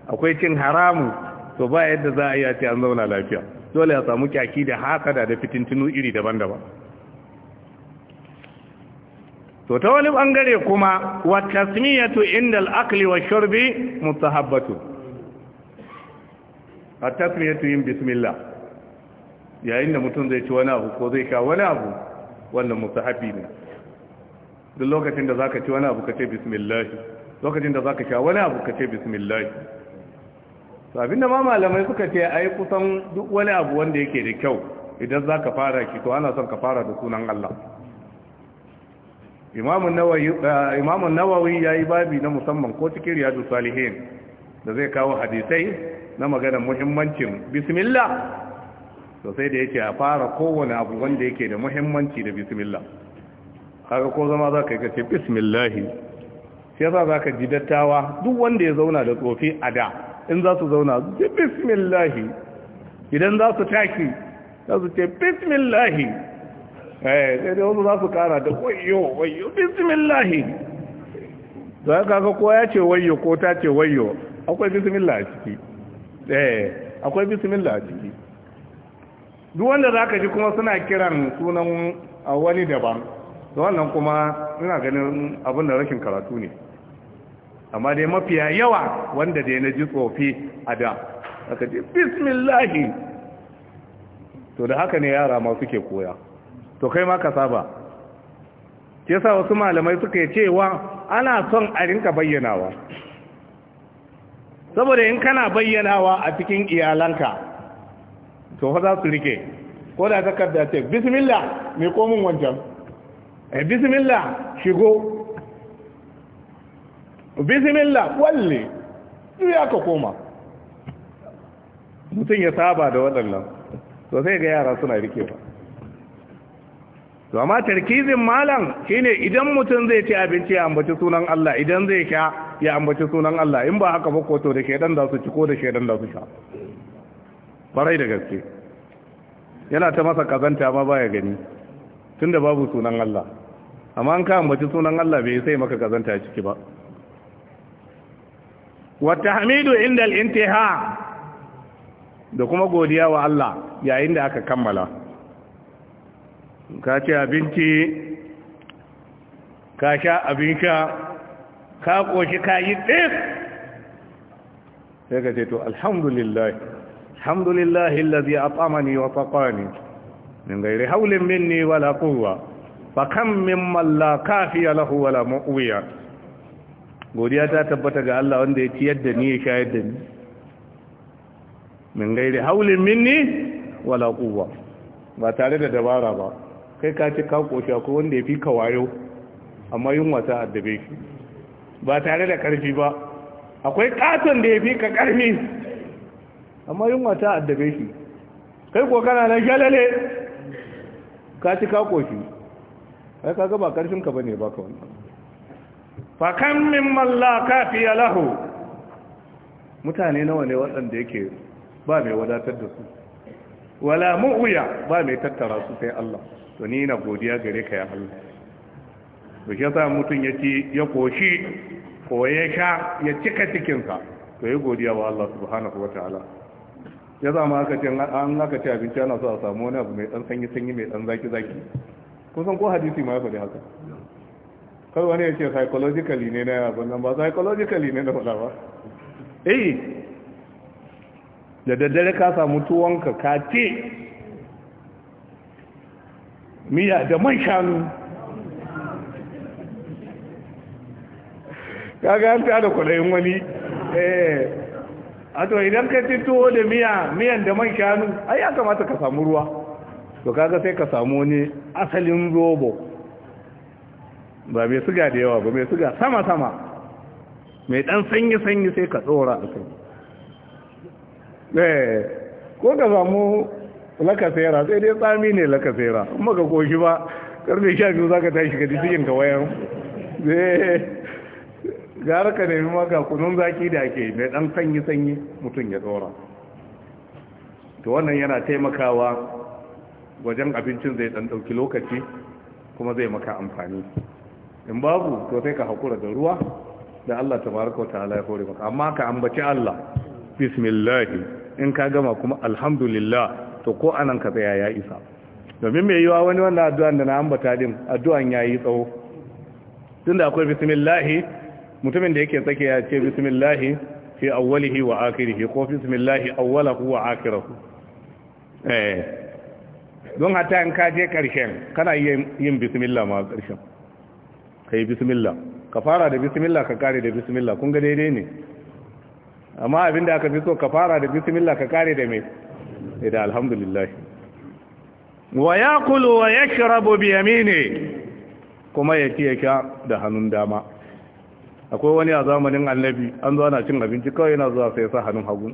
akwai cin haramu to ba yadda za a yi a ce an zauna lafiya dole a samu kyaki da haka da fitintunu iri daban-daban to ta wani bangare kuma wa tasmiyatu inda al'akli wa shurbi mutahabbatu hatta kiyatu yin bismillah yayin da mutum zai ci wani abu ko zai ka wani abu wannan musahabi ne duk lokacin da zaka ci wani abu ka ce bismillah lokacin da zaka sha wani abu ka ce bismillah to da ma malamai suka ce ai kusan duk wani abu wanda yake da kyau idan zaka fara ki to ana son ka fara da sunan Allah Imam nawawi eh, Imam nawawi yayi babi na musamman ko cikin riyadu Salihin da zai kawo hadisai na maganar muhimmancin bismillah to sai da yake a fara kowane abu wanda yake da muhimmanci da bismillah haka ko zama za ka yi kace bismillahi sai za za ka ji dattawa duk wanda ya zauna da tsofi a da in za su zauna ji bismillahi idan za su taki za su ce bismillahi eh sai da wasu za su kara da wayo wayo bismillahi za ka ga ko ya ce wayo ko ta ce wayo akwai bismillah a ciki eh akwai bismillah a ciki duk wanda zaka ji kuma suna kiran sunan wani daban da wannan kuma ina ganin abin da rashin karatu ne amma dai mafiya yawa wanda dai na ji tsofi a da aka ce bismillah to da haka ne yara ma suke koya to kai ma ka saba ke sa wasu malamai suka yi cewa ana son a rinka bayyanawa saboda in kana bayyanawa a cikin iyalanka to fa za su rike ko da takarda ce bismillah mai komin wancan eh bismillah shigo bismillah walle duk ya ka koma mutum ya saba da waɗannan to sai ga yara suna rike ba to amma tarkizin malam shine idan mutum zai ci abinci a ambaci sunan Allah idan zai sha ya ambaci sunan Allah in ba haka ba ko to da shedan da su ci ko da shedan da su sha barai da gaske yana ta masa kazanta ma baya gani tunda babu sunan Allah amma an ka ambaci sunan Allah bai sai maka kazanta ciki ba wa tahmidu inda al-intiha da kuma godiya wa Allah yayin da aka kammala ka ce abinci ka sha abin sha ka koshi ka yi ɗin sai ka ce to alhamdulillah alhamdulillah illazi at'amani wa saqani min ghairi hawlin minni wala quwwa fa kam mimman la kafiya lahu wala mu'wiya godiya ta tabbata ga Allah wanda ya ciyar da ni ya shayar da ni min ghairi hawlin minni wala quwwa ba tare da dabara ba kai ka ci ka koshi ko wanda ya fi ka wayo amma yunwa ta addabe shi ba tare da ƙarfi ba akwai ƙaton da ya fi ka ƙarfi amma yunwa ta addabe shi kai ko kana na shalale ka ci ka koshi ai ka ga ba ƙarfin ka bane ba ka wani fa kam min mallaka fi lahu mutane nawa ne waɗanda yake ba mai wadatar da su wala mu'uya ba mai tattara su sai Allah to ni na godiya gare ka ya Allah to shi yasa mutum ya ci ya koshi ko ya sha ya cika cikinsa to yi godiya wa Allah subhanahu wa ta'ala ya zama aka ce an aka ce abinci ana so a samu wani abu mai dan sanyi sanyi mai dan zaki zaki san ko hadisi ma ya faɗi haka kar wani ya ce psychologically ne na yabon nan ba psychologically ne na faɗa ba eh da daddare ka samu tuwonka ka ce miya da man shanu kaga an da kwalayin wani eh a to idan ka tituwo da miya miyan da man shanu ai ya kamata ka samu ruwa to kaga sai ka samu wani asalin zobo ba mai suga da yawa ba mai suga sama sama mai dan sanyi sanyi sai ka tsora a kai eh ko ka samu lakasera sai dai tsami ne lakasera in baka koshi ba karfe sha biyu za ka tashi ka jisikin ka wayan eh gara ka nemi maka kunun zaki da ake mai dan sanyi-sanyi mutum ya tsora to wannan yana taimakawa wajen abincin zai dan dauki lokaci kuma zai maka amfani in babu to sai ka hakura da ruwa da Allah tabaraka wa ta'ala ya hore maka amma ka ambaci Allah bismillah in ka gama kuma alhamdulillah to ko anan ka tsaya ya isa domin mai yiwa wani wannan addu'an da na ambata din addu'an yayi tsawo tunda akwai bismillah mutumin da yake tsake ya ce bismillahi fi awwalihi wa akhirihi ko bismillahi awwalahu wa akhirahu eh don hata an ka je karshen kana yin bismillah ma karshen kai bismillah ka fara da bismillah ka kare da bismillah kun ga daidai ne amma abinda aka fi so ka fara da bismillah ka kare da me eh, da alhamdulillah wa yaqulu wa yashrabu bi yamini kuma yake ce ya sha da hannun dama akwai wani a zamanin annabi an zo ana cin abinci kawai yana zuwa sai sa hannun hagu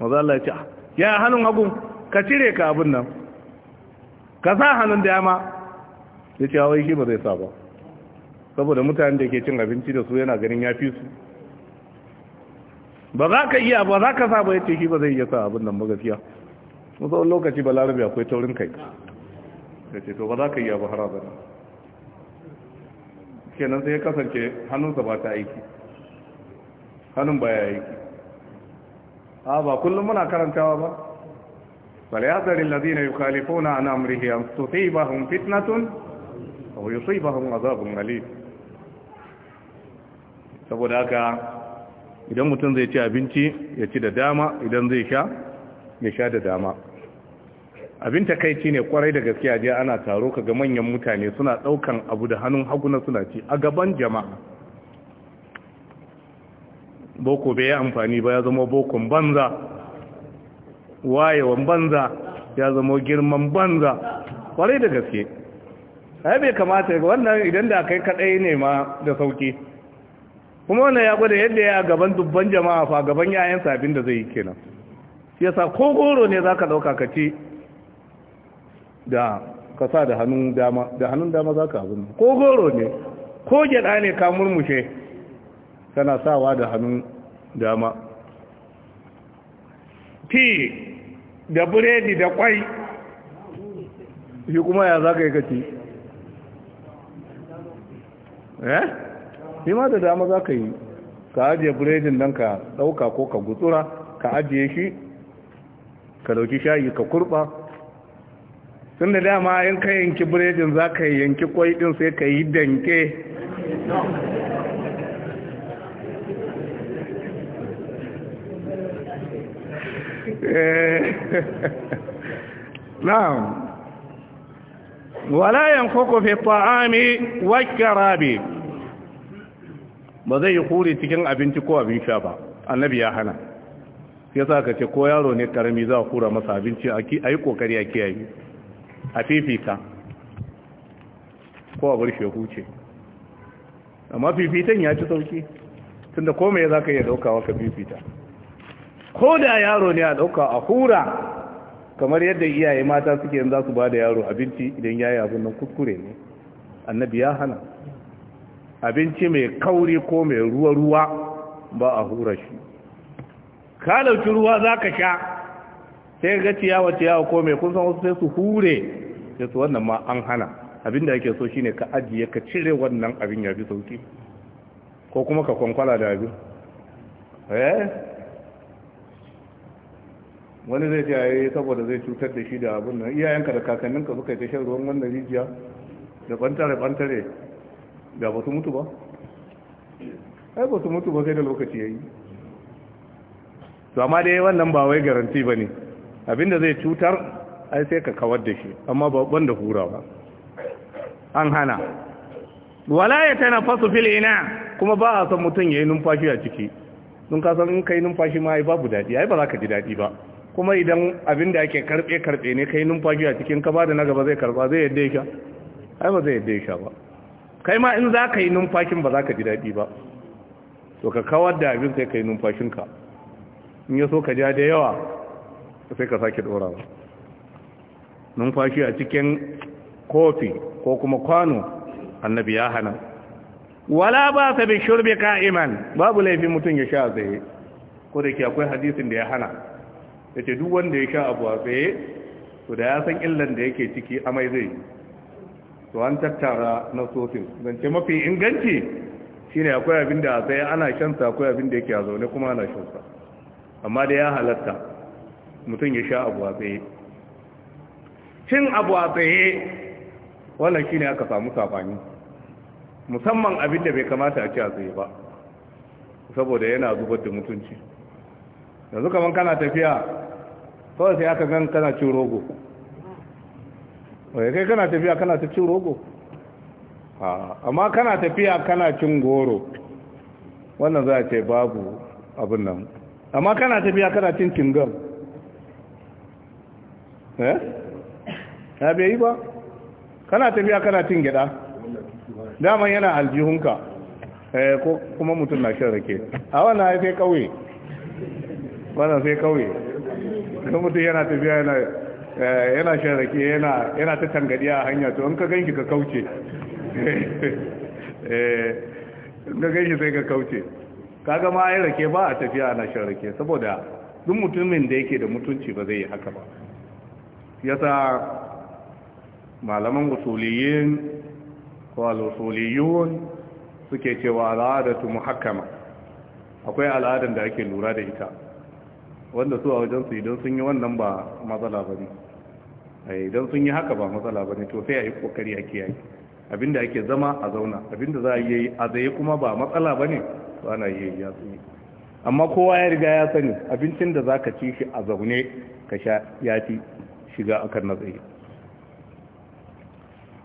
maza Allah ya ce ah, ya hannun hagu ka cire ka abin nan ka sa hannun yama ya ce wai shi ba zai sa ba saboda mutane da ke cin abinci da su yana ganin ya fi su ba za ka iya ba za ka sa ba ya ce shi ba zai iya sa abin nan magafiya musamman lokaci ba larabi akwai taurin kai da ce to ba za ka iya ba har abin kenan sai ya kasance hannunsa ba ta aiki hannun ba ya aiki a ba kullum muna karantawa ba na فليحذر ba يخالفون عن أمره أن تصيبهم sai ba hun azabin أليم saboda haka idan mutum zai ci abinci ya ci da dama idan zai sha ya sha da dama abin takaici ne kwarai da gaskiya je ana taro kaga manyan mutane suna daukan abu da hannun haguna suna ci a gaban jama'a boko bai amfani ba ya zama bokon banza wayewan banza ya zama girman banza kwarai da gaske ai bai kamata wannan idan da kai kadai ne ma da sauki kuma wannan ya gwada yadda ya gaban dubban jama'a fa gaban yayan sabin da zai yi kenan yasa ko goro ne zaka dauka ka ci da ka sa da hannun dama da hannun dama za ka abin ko goro ne ko gyaɗa ne ka murmushe kana sawa da hannun dama ti da buredi da kwai shi kuma ya za ka yi kaci eh? shi ma da dama za ka yi ka ajiye buredin don ka ɗauka ko ka gutsura ka ajiye shi ka dauki shayi ka kurba tun da dama in ka yanki biredin za ka yanki kwai din sai ka yi danke eh. na'am wala yankuku fi ta'ami wakarabi ba zai yi kuri cikin abinci ko abin sha ba annabi ya hana sai sa ka ce ko yaro ne karami za a kura masa abinci a yi kokari a kiyaye a fifita ko a bar ya huce amma fifitan ya ci sauki tunda komai za ka iya daukawa ka fifita ko da yaro ne a dauka a hura kamar yadda iyaye mata suke za su ba da yaro abinci idan ya yi abin nan kuskure ne annabi ya hana abinci mai kauri ko mai ruwa-ruwa ba a hura shi ka dauki ruwa za ka sha sai ga ciyawa ciyawa ko mai kun san wasu sai su hure sai su wannan ma an hana abin da ake so shine ka ajiye ka cire wannan abin ya fi sauki ko kuma ka kwankwala da abin eh wani zai ce yayi saboda zai cutar da shi da abin nan iyayenka da kakanninka suka yi ta shan ruwan wannan rijiya da bantare bantare da ba su mutu ba ai ba su mutu ba sai da lokaci yayi to amma dai wannan ba wai garanti bane abinda zai cutar ai sai ka kawar da shi amma babban da hurawa an hana wala ya tanafasu fil ina kuma ba a san mutun yayin numfashi a ciki don ka san in kai numfashi ma ai babu dadi ai ba za ka ji dadi ba kuma idan abin da karbe karbe ne kai numfashi a cikin ka ba da na gaba zai karba zai yadda ya ai ba zai yadda ya ba kai ma in za ka yi numfashin ba za ka ji dadi ba to ka kawar da abin sai ka yi numfashinka in ya so ka ja da yawa sai ka sake dorawa numfashi a cikin kofi ko kuma kwano annabi ya hana wala ba ta bi shurbi ka'iman babu laifin mutum ya sha tsaye ko da ke akwai hadisin da ya hana ya ce duk wanda ya sha abu a tsaye to da ya san illan da yake ciki amai zai to an tattara na sosin ce mafi inganci shine akwai abin da a tsaye ana shansa akwai abin da yake a zaune kuma ana shansa amma da ya halatta mutum ya sha abu a tsaye cin abu a tsaye wannan shine aka samu safani musamman abin da bai kamata a ci a tsaye ba saboda yana zubar da mutunci yanzu kaman kana tafiya kawai sai aka gan kana cin rogo wai kai kana tafiya kana ta cin rogo amma kana tafiya kana cin goro wannan za a ce babu abin nan amma kana tafiya kana cin cingam eh ya bai yi ba kana tafiya kana tin gida daman yana aljihunka eh ko kuma mutum na shan rake a wannan sai kauye wannan sai kauye kuma mutum yana tafiya yana eh, yana shan rake yana yana ta tangadiya a hanya to in ka ganki ka kauce eh in ka ganki sai ka kauce kaga ma ai rake ba a tafiya ana shan rake saboda duk mutumin da yake da mutunci ba zai yi haka ba yasa malaman usuliyin ko al suke cewa al'adatu muhakkama akwai al'adan da ake lura da ita wanda su a wajen su idan sun yi wannan ba matsala bane eh, idan sun yi haka ba matsala bane to sai a yi kokari a kiyaye abinda ake zama a zauna abinda za a yi a zaye kuma ba matsala bane to ana yi ya tsaye amma kowa ya riga ya sani abincin da zaka ci shi a zaune ka sha yafi shiga akan na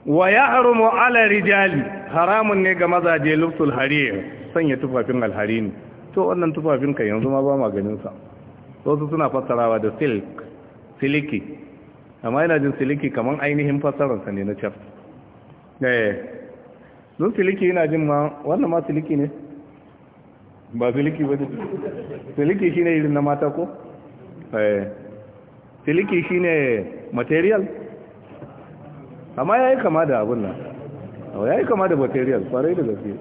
wa yahrumu ala rijali haramun ne ga mazaje lufsul harir sanya tufafin alhari ne to wannan tufafin kai yanzu ma ba sa wasu suna fassarawa da silk siliki amma ina jin siliki kaman ainihin fassarar sa ne na can eh don siliki ina jin ma wannan ma siliki ne ba siliki ba siliki shine irin na mata ko eh siliki shine material amma ya yi kama da abin nan ya yi kama da material farai da gaske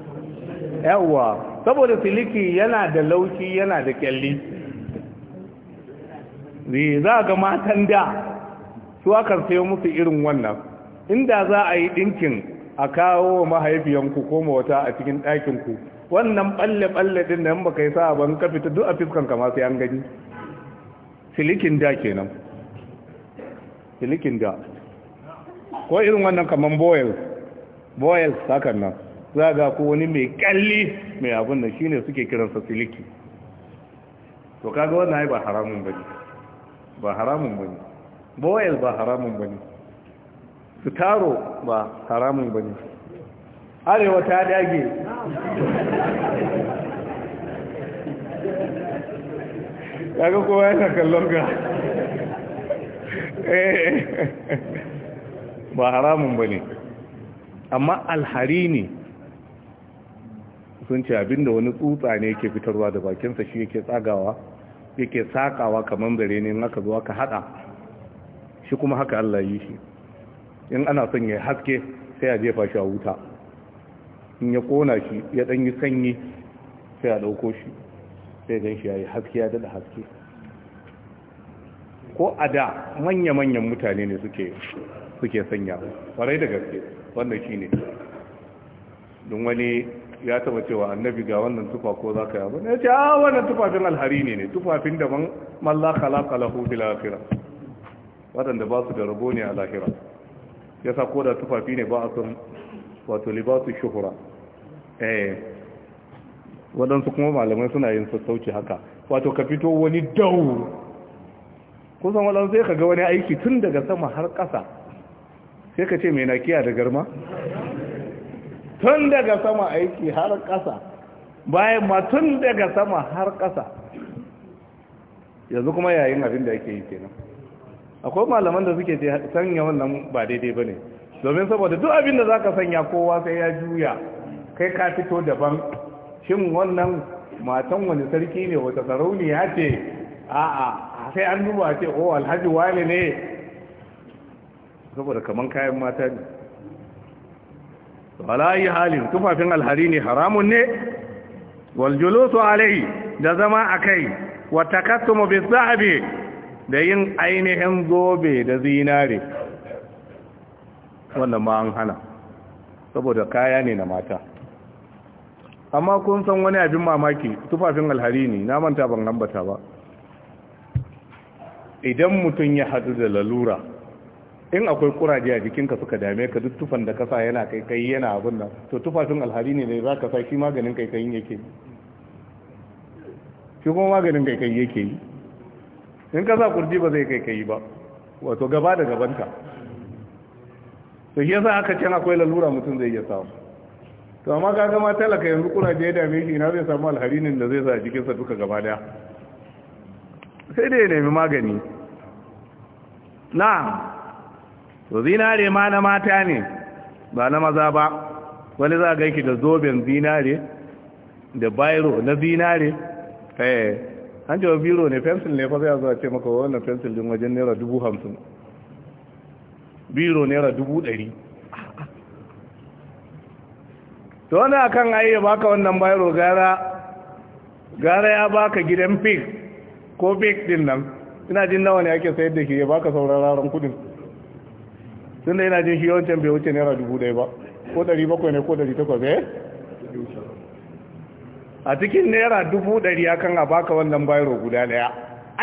yawwa saboda siliki yana da lauki, yana da kyalli za ga matan da su aka sayo musu irin wannan inda za a yi ɗinkin a kawo wa mahaifiyanku ko wata a cikin ɗakinku wannan ɓalle balle ɗin da ba kai sa ban ka fita duk a fiskan kama sai an gani silikin da kenan silikin da ko irin wannan kamar boil boil sakan nan za ga ko wani mai kalli mai abin da shine suke kiransa siliki to kaga wannan ai ba haramun bane ba haramun bane boil ba haramun bane Sitaro ba haramun bane arewa ta dage kaga kowa yana kallon ga Eh. ba haramun ba ne amma alhari ne sun ce abinda wani tsutsa ne yake fitarwa da bakinsa shi yake tsagawa yake sakawa kamar zare ne in aka zo aka hada shi kuma haka Allah yi shi in ana son ya haske sai a jefa shi a wuta in ya kona shi ya danyi sanyi sai a dauko shi sai zan shi ya yi haske ya dada haske ko a da manya-manyan mutane ne suke suke sanya farai da gaske wannan shi ne don wani ya taba cewa annabi ga wannan tufa ko za ka yaba ya ce a ah, wannan tufafin alhari ne ne tufafin da man malla khalaqa lahu Waɗanda akhirah wadanda ba su da rabo ne a lahira yasa ko da tufafi ne ba a son wato libasu shuhura eh wadansu kuma malamai suna yin sassauci haka wato ka fito wani dau kusan waɗansu sai ka ga wani aiki tun daga sama har ƙasa sai ka ce mai kiya da garma tun daga sama aiki har ƙasa bayan ma tun daga sama har ƙasa yanzu kuma yayin abin da ake yi kenan akwai malaman da suke sanya wannan ba daidai ba ne domin saboda duk abin da za ka sanya kowa sai ya juya kai ka fito daban shin wannan matan wani sarki ne wata sarauniya ce a'a sai an duba ce o oh, alhaji wani ne saboda kaman kayan mata ne Wala yi halin tufafin alhari ne haramun ne su alai da zama a kai wata kastumu bi zahabi da yin ainihin zobe da zinare wannan ma an hana saboda kaya ne na mata amma kun san wani abin mamaki tufafin alhari ne na manta ban lambata ba idan mutum ya hadu da lalura in akwai kuraje a jikinka suka dame ka duk tufan da kasa yana kai kai yana abin nan to tufafin alhari ne da za ka sa shi maganin kai kai yake shi kuma maganin kai kai yake yi in ka sa kurji ba zai kai kai ba wato gaba da gabanta to shi yasa aka can akwai lalura mutum zai iya samu to amma ka gama talaka yanzu kuraje ya dame shi ina zai samu alharinin da zai sa jikinsa duka gaba daya sai dai ya nemi magani Na to zinare ma na mata ne ba na maza ba wani za a ganki da zoben zinare da bairo na zinare eh an jawa biro ne fensil ne fa sai a zuwa ce maka wannan fensil din wajen naira dubu hamsin biro naira dubu ɗari to wani akan ayi baka wannan bayro gara gara ya baka gidan fik ko bek din nan ina jin nawa ne ake sayar da shi ya baka sauraron kudin tun da ina jin shi yawancin bai wuce naira dubu ɗaya ba ko ɗari bakwai ne ko ɗari takwas eh a cikin naira dubu ɗari ya kan a baka wannan bayro guda ɗaya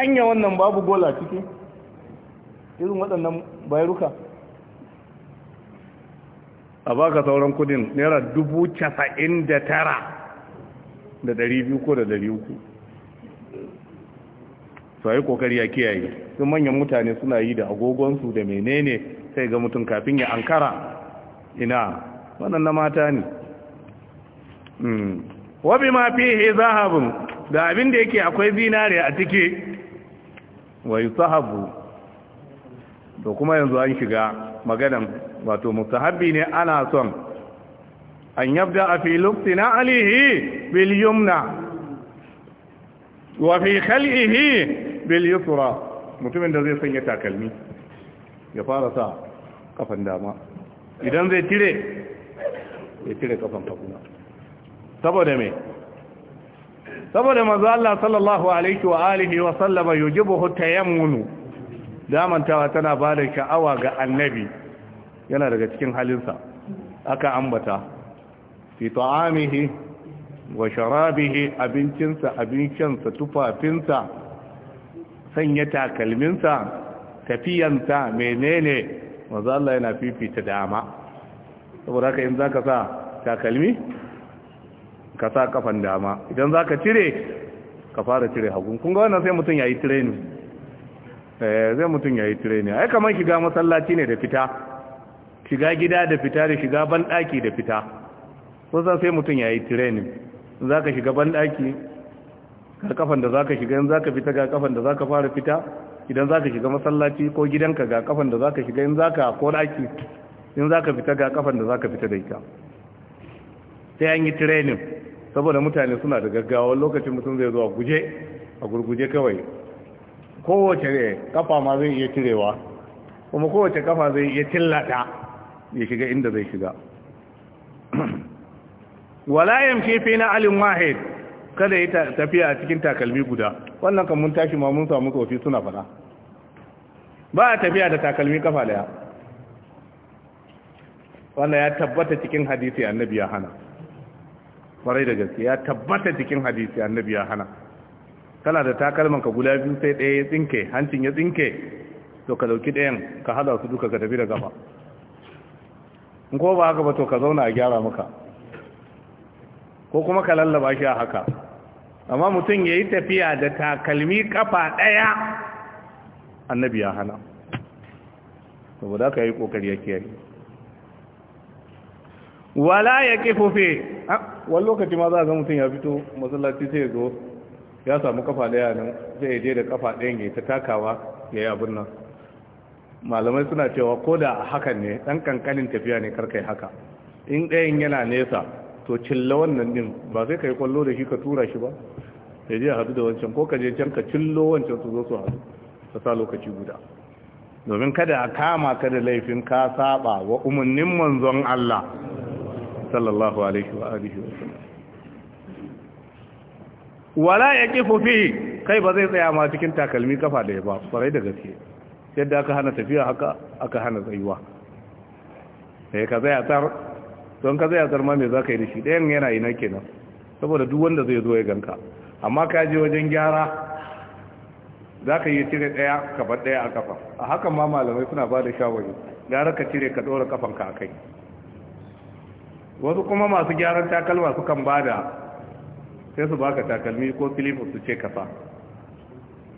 yi wannan babu gola ciki irin waɗannan bayruka a baka sauran kudin naira dubu casa'in da tara da ɗari biyu ko da ɗari uku su kokari a kiyaye sun manyan mutane suna yi da agogonsu da menene sai ga mutum kafin ya ankara ina wannan na mata ne hmm. wabi ma fihe zahabin da abin da yake akwai zinare a ciki wai sahabu to kuma yanzu an shiga maganan wato musahabi ne ana son an yabda a filufti na alihi bil wa fi khal'ihi bil yusra mutumin da zai sanya takalmi ya fara sa kafan dama idan zai tire ya tire kafan hakuna saboda me saboda manzo Allah sallallahu alaihi wa alihi wa sallama yujibuhu tayammunu damantawa tana bada sha'awa ga annabi yana daga cikin halinsa aka ambata fi ta'amihi wa sharabihi abincinsa abincinsa tufafinsa sanya takalminsa tafiyansa menene wanzu Allah yana fifita dama saboda haka in zaka sa takalmi ka sa kafan dama idan za ka cire ka fara cire hagun kun ga wannan sai ya yi training Zai eh, mutum ya yi training ai kamar shiga masallaci ne da fita shiga gida da fita da shiga banɗaki da fita kusa sai mutum ya yi yayi Za ka shiga banɗaki. ga kafan da zaka shiga in zaka fita ga kafan da zaka fara fita idan zaka shiga masallaci ko gidanka ga kafan da zaka shiga in zaka ko daki in zaka fita ga kafan da zaka fita da ita sai an yi training saboda mutane suna da gaggawa lokacin mutum zai zo a guje a gurguje kawai kowace kafa ma zai iya cirewa kuma kowace kafa zai iya tillata ya shiga inda zai shiga wala yamshi fi na alin wahid kada ya tafiya a cikin takalmi guda wannan kan mun tashi ma mun samu tsofi suna fada ba a tafiya da takalmi kafa daya wannan ya tabbata cikin hadisi annabi ya hana kwarai da gaske ya tabbata cikin hadisi annabi ya hana kana da takalman ka guda biyu sai ɗaya ya tsinke hancin ya tsinke to ka dauki ɗayan ka hada su duka ka tafi da gaba in ko ba haka ba to ka zauna a gyara maka ko kuma ka lallaba shi a haka amma mutum ya yi tafiya da takalmi kafa ɗaya annabi ya hana saboda ka yi ƙoƙari ya kiyaye wala ya kifufe wani lokaci ma za a ga mutum ya fito masallaci sai zo ya samu kafa ɗaya nan sai je da kafa ɗayan ya ta takawa ya yi abin nan malamai suna cewa ko da hakan ne ɗan ƙanƙanin tafiya ne karkai haka in ɗayan yana nesa to cilla wannan din ba sai ka yi kwallo da shi ka tura shi ba sai je hadu da wancan ko ka je can ka cillo wancan su zo su hadu ta sa lokaci guda domin kada a kama ka da laifin ka saba wa umarnin manzon Allah sallallahu alaihi wa alihi wa sallam wala yake fi kai ba zai tsaya ma cikin takalmi kafa da ba farai da gaske yadda aka hana tafiya haka aka hana tsayuwa sai eh, ka tsaya tsar don ka zai azar ma me za ka yi da shi ɗayan yana yi ina kenan saboda duk wanda zai zo ya ganka amma ka je wajen gyara za ka yi cire ɗaya ka bar ɗaya a kafa a hakan ma malamai suna ba da shawari gara ka cire ka ɗora kafanka a kai wasu kuma masu gyaran takalma sukan ba da sai su baka takalmi ko silifas su ce kafa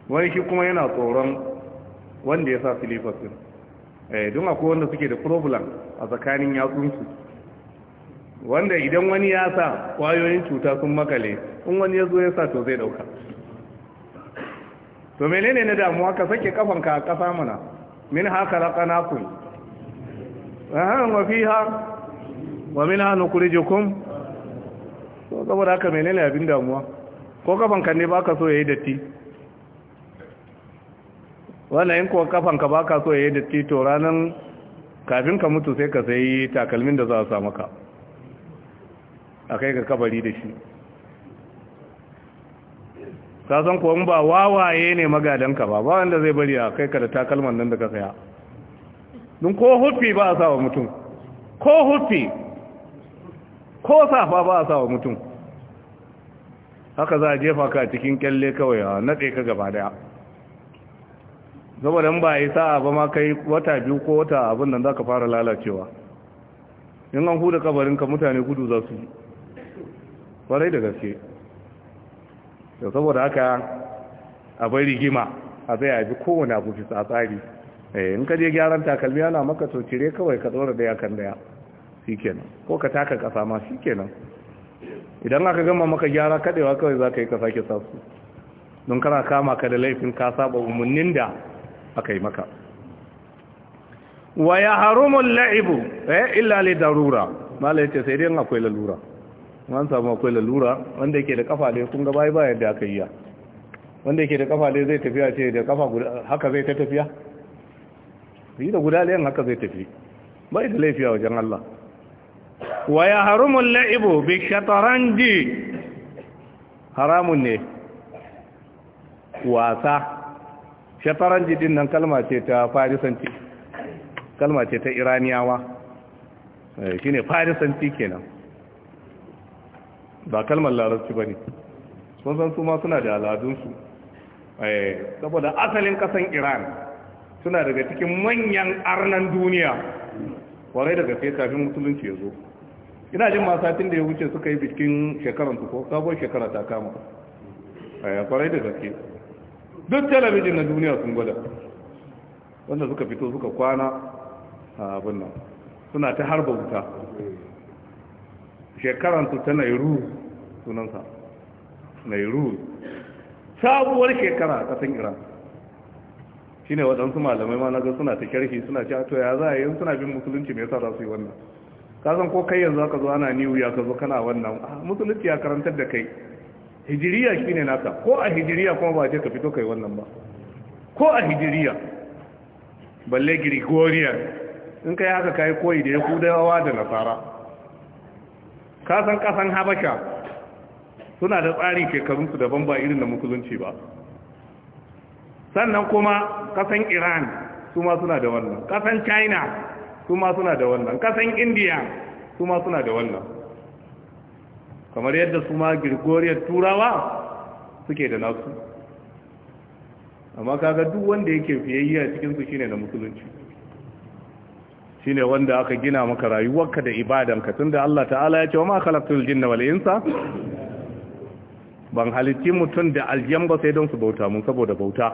wani shi kuma yana tsoron wanda ya sa silifas din eh, don akwai wanda suke da problem a tsakanin yatsunsu wanda idan wani ya sa kwayoyin cuta sun makale in wani ya zo ya sa to zai dauka to menene na damuwa ka sake kafanka a kasa mana min haka raqanakum aha wa fiha wa minha nukhrijukum to saboda haka menene abin damuwa ko kafanka ne baka so yayi datti wannan in kuwa kafanka baka so yayi datti to ranan kafin ka mutu sai ka sayi takalmin da za a sa maka a kai ga kabari da shi kasan kuwa ba wawaye ne magadanka ba ba wanda zai bari a kai ka da takalman nan da ka saya don ko hufi ba a sawa mutum ko hufi ko safa ba a sawa mutum haka za a jefa ka cikin kyalle kawai a natse ka gaba daya don ba yi sa'a ba ma kai wata biyu ko wata abin nan za ka fara lalacewa in an huda kabarinka mutane gudu za su yi kwarai da gaske da saboda haka a rigima a zai abi kowane abu fi tsatsari eh, in ka je gyaran takalmi ana maka to cire kawai ka tsora daya kan daya kenan ko ka taka kasa ma kenan idan aka gama maka gyara kadewa kawai za ka yi ka sake sasu don kana kama ka da laifin ka saba umarnin da aka yi maka wa ya harumun la'ibu eh illa li darura mala ce sai dai akwai lalura an samu akwai lalura wanda yake da kafa dai kun ga bai ba yadda aka yi ya wanda yake da kafa dai zai tafiya ce da kafa haka zai ta tafiya yi da guda ɗayan haka zai tafi bai da laifiya wajen Allah wa ya harumun la'ibu bi shataranji haramun ne wasa shataranji din nan kalma ce ta farisanci kalma ce ta iraniyawa eh, shi ne farisanci kenan ba kalmar larabci ba ne sun san su ma suna da al'adunsu eh, saboda asalin kasan iran suna daga cikin manyan arnan duniya warai daga sai kafin musulunci ya zo ina jin masatin da ya wuce suka yi bikin shekaran ko sabon shekara ta kama eh, kwarai da gaske duk talabijin na duniya sun gwada wanda suka fito suka kwana a abin nan suna ta harba wuta shekaransu ta nairu sunansa nairu sabuwar shekara a ƙasan iran shi ne waɗansu malamai ma naga suna ta kyarki suna ci to ya za a yi suna bin musulunci mai yasa za su yi wannan kasan ko kai yanzu aka zo ana niyu ya ka zo kana wannan ah, musulunci ya karantar da kai hijiriya shi ne naka ko a hijiriya kuma ba ce ka fito kai wannan ba ko a hijiriya balle grigorian in ka yi haka ka yi koyi da ya kudawa da nasara Kasan kasan habasha suna da tsarin shekarunsu daban ba irin da musulunci ba sannan kuma kasan iran su ma suna da wannan kasan china su ma suna da wannan kasan india su ma suna da wannan kamar yadda su ma girgoriyar turawa suke da nasu amma kaga duk wanda yake fiyayya cikinsu shine da musulunci shine wanda aka gina maka rayuwarka da ibadanka tunda Allah ta'ala ya ce wa ma khalaqtul jinna wal insa ban halicci mutum da aljan ba sai don su bauta mun saboda bauta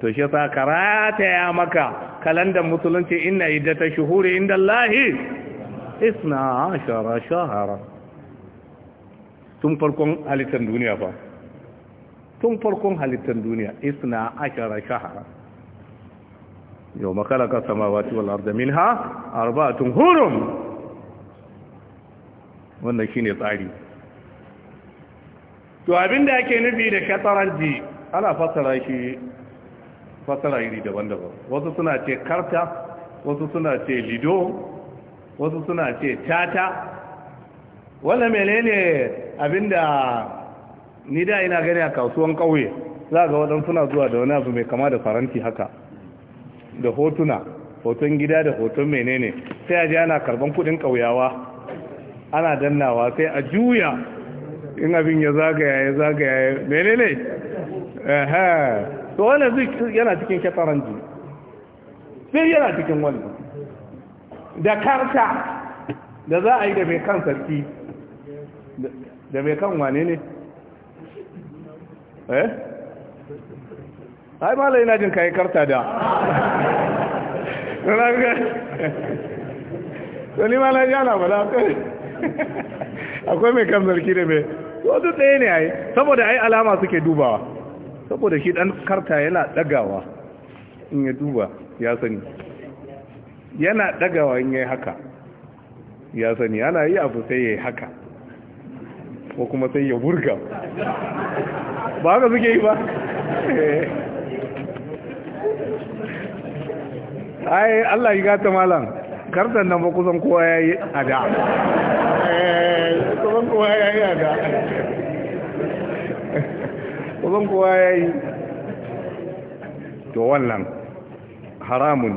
to shi yasa karata ya maka kalandar musulunci inna iddata shuhuri inda Allahi isna ashara shahara tun farkon halittar duniya fa tun farkon halittar duniya isna ashara shahara yau makalaka samawati wal arda minha arba'atun hurum wannan ne tsari to abinda ake nufi da shataranji ana fassara shi fassara iri daban-daban wasu suna ce karta wasu suna ce lido wasu suna ce tata wannan menene abinda ni da ina gani a kasuwan kauye za ga waɗansu suna zuwa da wani abu mai kama da faranti haka da hotuna hoton gida da hoton menene sai a ji ana karban kudin kauyawa ana dannawa sai a juya in abin ya zagaya ya zagaya menene ehe to wannan zai yana cikin kyataran ji sai yana cikin wannan da karta da za a yi da mai kan sarki da mai kan wane ne eh ai malai na jin kayi karta da wani ma na jana ba da akwai mai kan zarki da mai wasu ɗaya ne ai saboda ai alama suke dubawa saboda shi dan karta yana dagawa in ya duba ya sani yana dagawa in ya yi haka ya sani ana yi abu sai ya yi haka ko kuma sai ya burga ba haka suke yi ba eh. ai Allah ya gata malam kartan nan ba kusan kowa yayi eh, a da kusan kowa yayi a da kusan kowa yayi to wannan haramun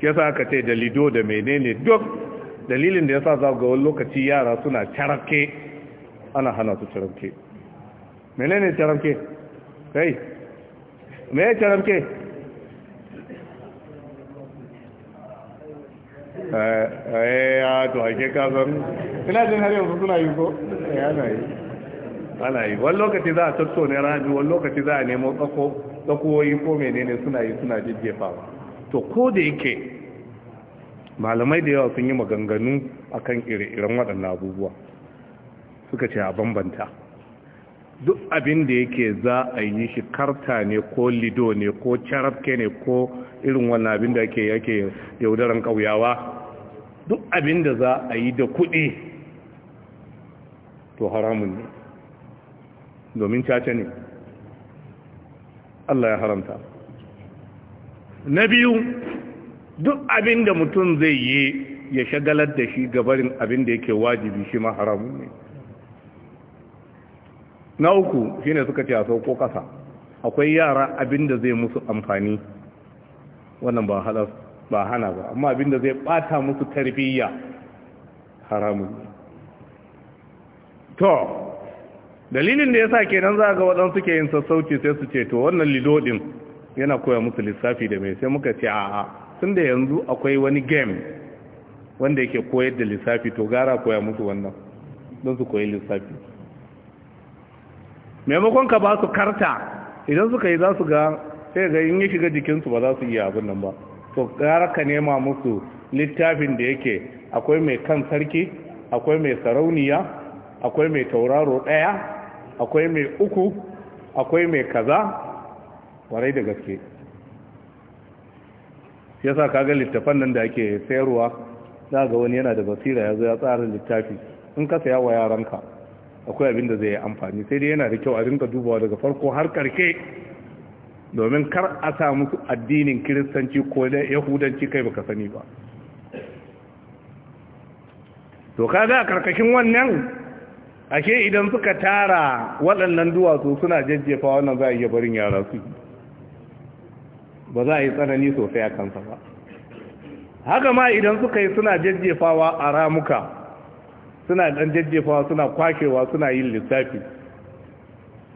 ne sa aka ce dalido da menene duk dalilin da ya sa za ga wani lokaci yara suna carake ana hana su carake menene carake kai me ya carake Eh, eh ya to ake kasan ina jin har yanzu suna yi ko eh, ana yi ana yi wani lokaci za a tattaune rami wani lokaci za a nemo tsako tsakowoyi ko menene suna yi suna jejjefawa to ko da yake malamai da yawa sun yi maganganu akan ire-iren waɗannan abubuwa suka ce a bambanta duk abin da yake za a yi shi karta ne ko lido ne ko carafke ne ko irin wannan abin da ke yake yaudaran kauyawa duk abin da za a yi da kuɗi to haramun ne domin caca ne Allah ya haramta na biyu duk abin da mutum zai yi ya shagalar da shi gabarin abin da yake wajibi shi ma haramun ne na uku shi ne suka ce a sauko kasa akwai yara abinda zai musu amfani wannan ba ba hana ba amma abinda zai ɓata musu tarbiyya haramun to dalilin da yasa kenan za ga waɗansu ke yin sassauci sai su ce to wannan lido din yana koya musu lissafi da mai sai muka ce a'a tun da yanzu akwai wani game wanda yake koyar da lissafi to gara koya musu wannan don su koyi lissafi maimakon ka ba su karta idan suka yi za su ga sai ga in ya shiga jikinsu ba za su iya abin nan ba to gara ka nema musu littafin da yake akwai mai kan sarki akwai mai sarauniya akwai mai tauraro ɗaya akwai mai uku akwai mai kaza warai da gaske ya sa kaga littafan nan da ake sayarwa za ga wani yana da basira ya zo ya tsara littafi in ka saya wa yaranka akwai abin da zai yi amfani sai dai yana da kyau a rinka dubawa daga farko har karke domin kar a sa musu addinin kiristanci ko da yahudanci kai baka sani ba to kaga a karkashin wannan ashe idan suka tara waɗannan duwatsu suna jajjefa wannan za a iya barin yara su ba za a yi tsanani sosai a kansa ba haka ma idan suka yi suna jajjefawa a ramuka suna dan jajjefawa suna kwashewa suna yin lissafi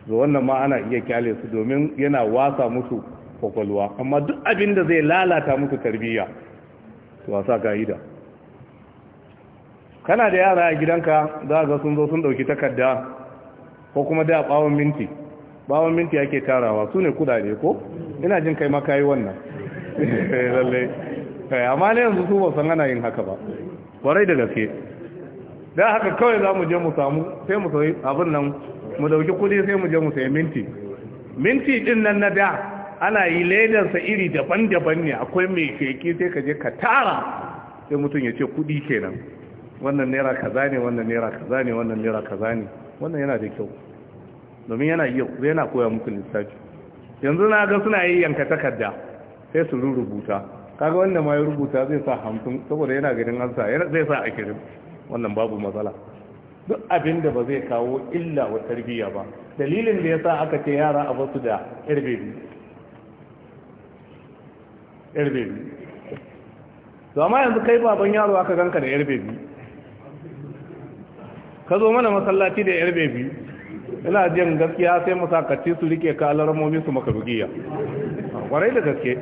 da wannan ma ana iya kyale su domin yana wasa musu kwakwalwa amma duk abin da zai lalata musu tarbiyya to wasa ga'ida kana da yara a gidanka za ga sun zo sun dauki takarda ko kuma da bawon minti bawon minti ake tarawa su ne kudade ko ina jin kai ma kayi wannan eh, lalle eh, amma ne yanzu su ba san ana yin haka ba kwarai da gaske da haka kawai za mu je mu samu sai mu sai abin nan mu dauki kudi sai mu je mu sayi minti minti din nan na da ana yi ledarsa iri daban-daban ne akwai mai keke sai ka je ka tara sai mutum ya ce kudi kenan wannan naira kaza ne wannan naira kaza ne wannan naira kaza ne wannan yana da kyau domin yana yana koya muku lissafi yanzu na ga suna yi yanka takarda sai su rubuta kaga wanda ma ya rubuta zai sa hamsin saboda yana ganin ansa zai sa ashirin wannan babu matsala duk abin da ba zai kawo illa wa tarbiyya ba dalilin da ya sa aka ce yara a basu da irbebi irbebi to amma yanzu kai baban yaro aka ganka da irbebi ka zo mana masallaci da irbebi ina jin gaskiya sai masakaci su rike ka alarmomi su maka rugiya kwarai da gaske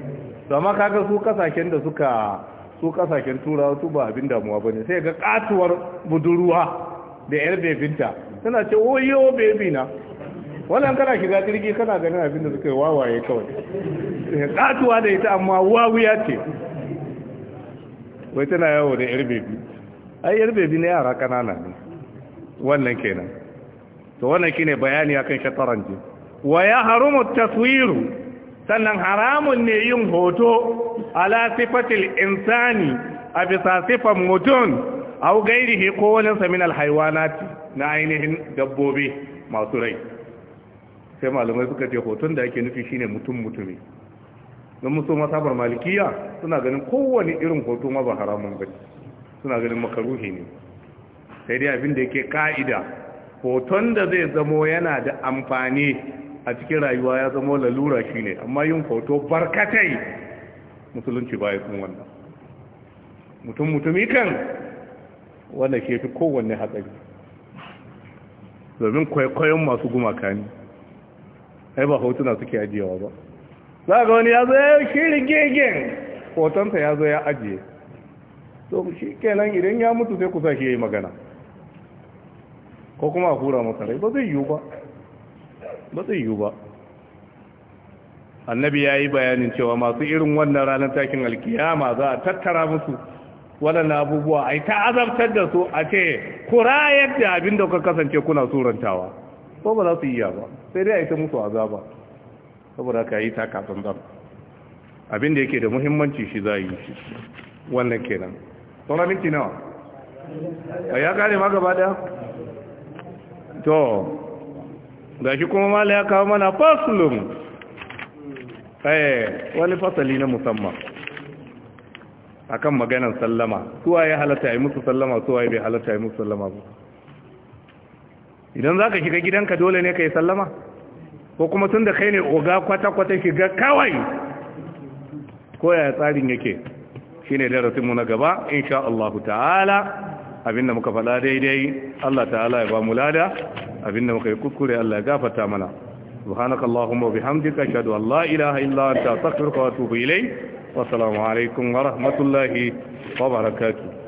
to amma kaga su kasashen da suka su kasashen turawa su ba abin damuwa ba ne sai ga katuwar budurwa da yar bebinta tana ce oyo bebi na wannan kana shiga jirgi kana ganin abin da suka yi wawaye kawai katuwa da ita amma wawuya ce wai tana yawo da yar bebi ai yar bebi na yara kanana ne wannan kenan to wannan shine bayani akan shataranji wa ya harumu taswiru sannan haramun ne yin hoto ala sifatil insani a bisa sifan mutum au gairihi ko wani saminal alhaiwanati na ainihin dabbobi masu rai sai malamai suka ce hoton da ake nufi shine mutum mutumi don musu masabar malikiya suna ganin kowane irin hoto ma ba haramun bane suna ganin makaruhi ne sai dai abin da yake ka'ida hoton da zai zamo yana da amfani a cikin rayuwa ya zama lalura shi ne amma yin foto barkatai musulunci ba ya kun wannan mutum mutumi kan wanda ke fi kowanne hatsari domin kwaikwayon masu gumaka ne ai ba hotuna suke ajiyewa ba za ga wani ya zo ya shirin gegen hotonsa ya zo ya ajiye to shi kenan idan ya mutu sai kusa shi ya yi magana ko kuma a hura masa rai ba zai yiwu ba ba zai yiwu ba annabi ya yi bayanin cewa masu irin wannan ranar takin alkiyama za a tattara musu waɗanda abubuwa a yi ta azabtar da su a ce kura yadda abin da kuka kasance kuna surantawa ko ba za su yi ya ba sai dai a yi ta musu azaba saboda ka yi ta kasan zan abin da yake da muhimmanci shi za a yi shi wannan kenan sauran minti nawa ya kare ma gaba daya to gashi kuma mala ya kawo mana faslun eh wani fasali na musamman akan maganar sallama suwa ya halatta yi musu sallama suwa bai halatta yi musu sallama ba idan za ka shiga gidanka dole ne ka yi sallama ko kuma tun da kai ne oga kwata-kwata shiga kawai Ko ya tsarin yake shi ne mu na gaba insha Allah ta'ala abinda muka faɗa daidai Allah ta'ala ya ba mu lada abinda muka yi kuskure Allah ya gafarta mana subhanaka allahumma wa bihamdika ashhadu an la ilaha illa anta astaghfiruka wa atubu ilayk wa assalamu alaikum wa rahmatullahi wa barakatuh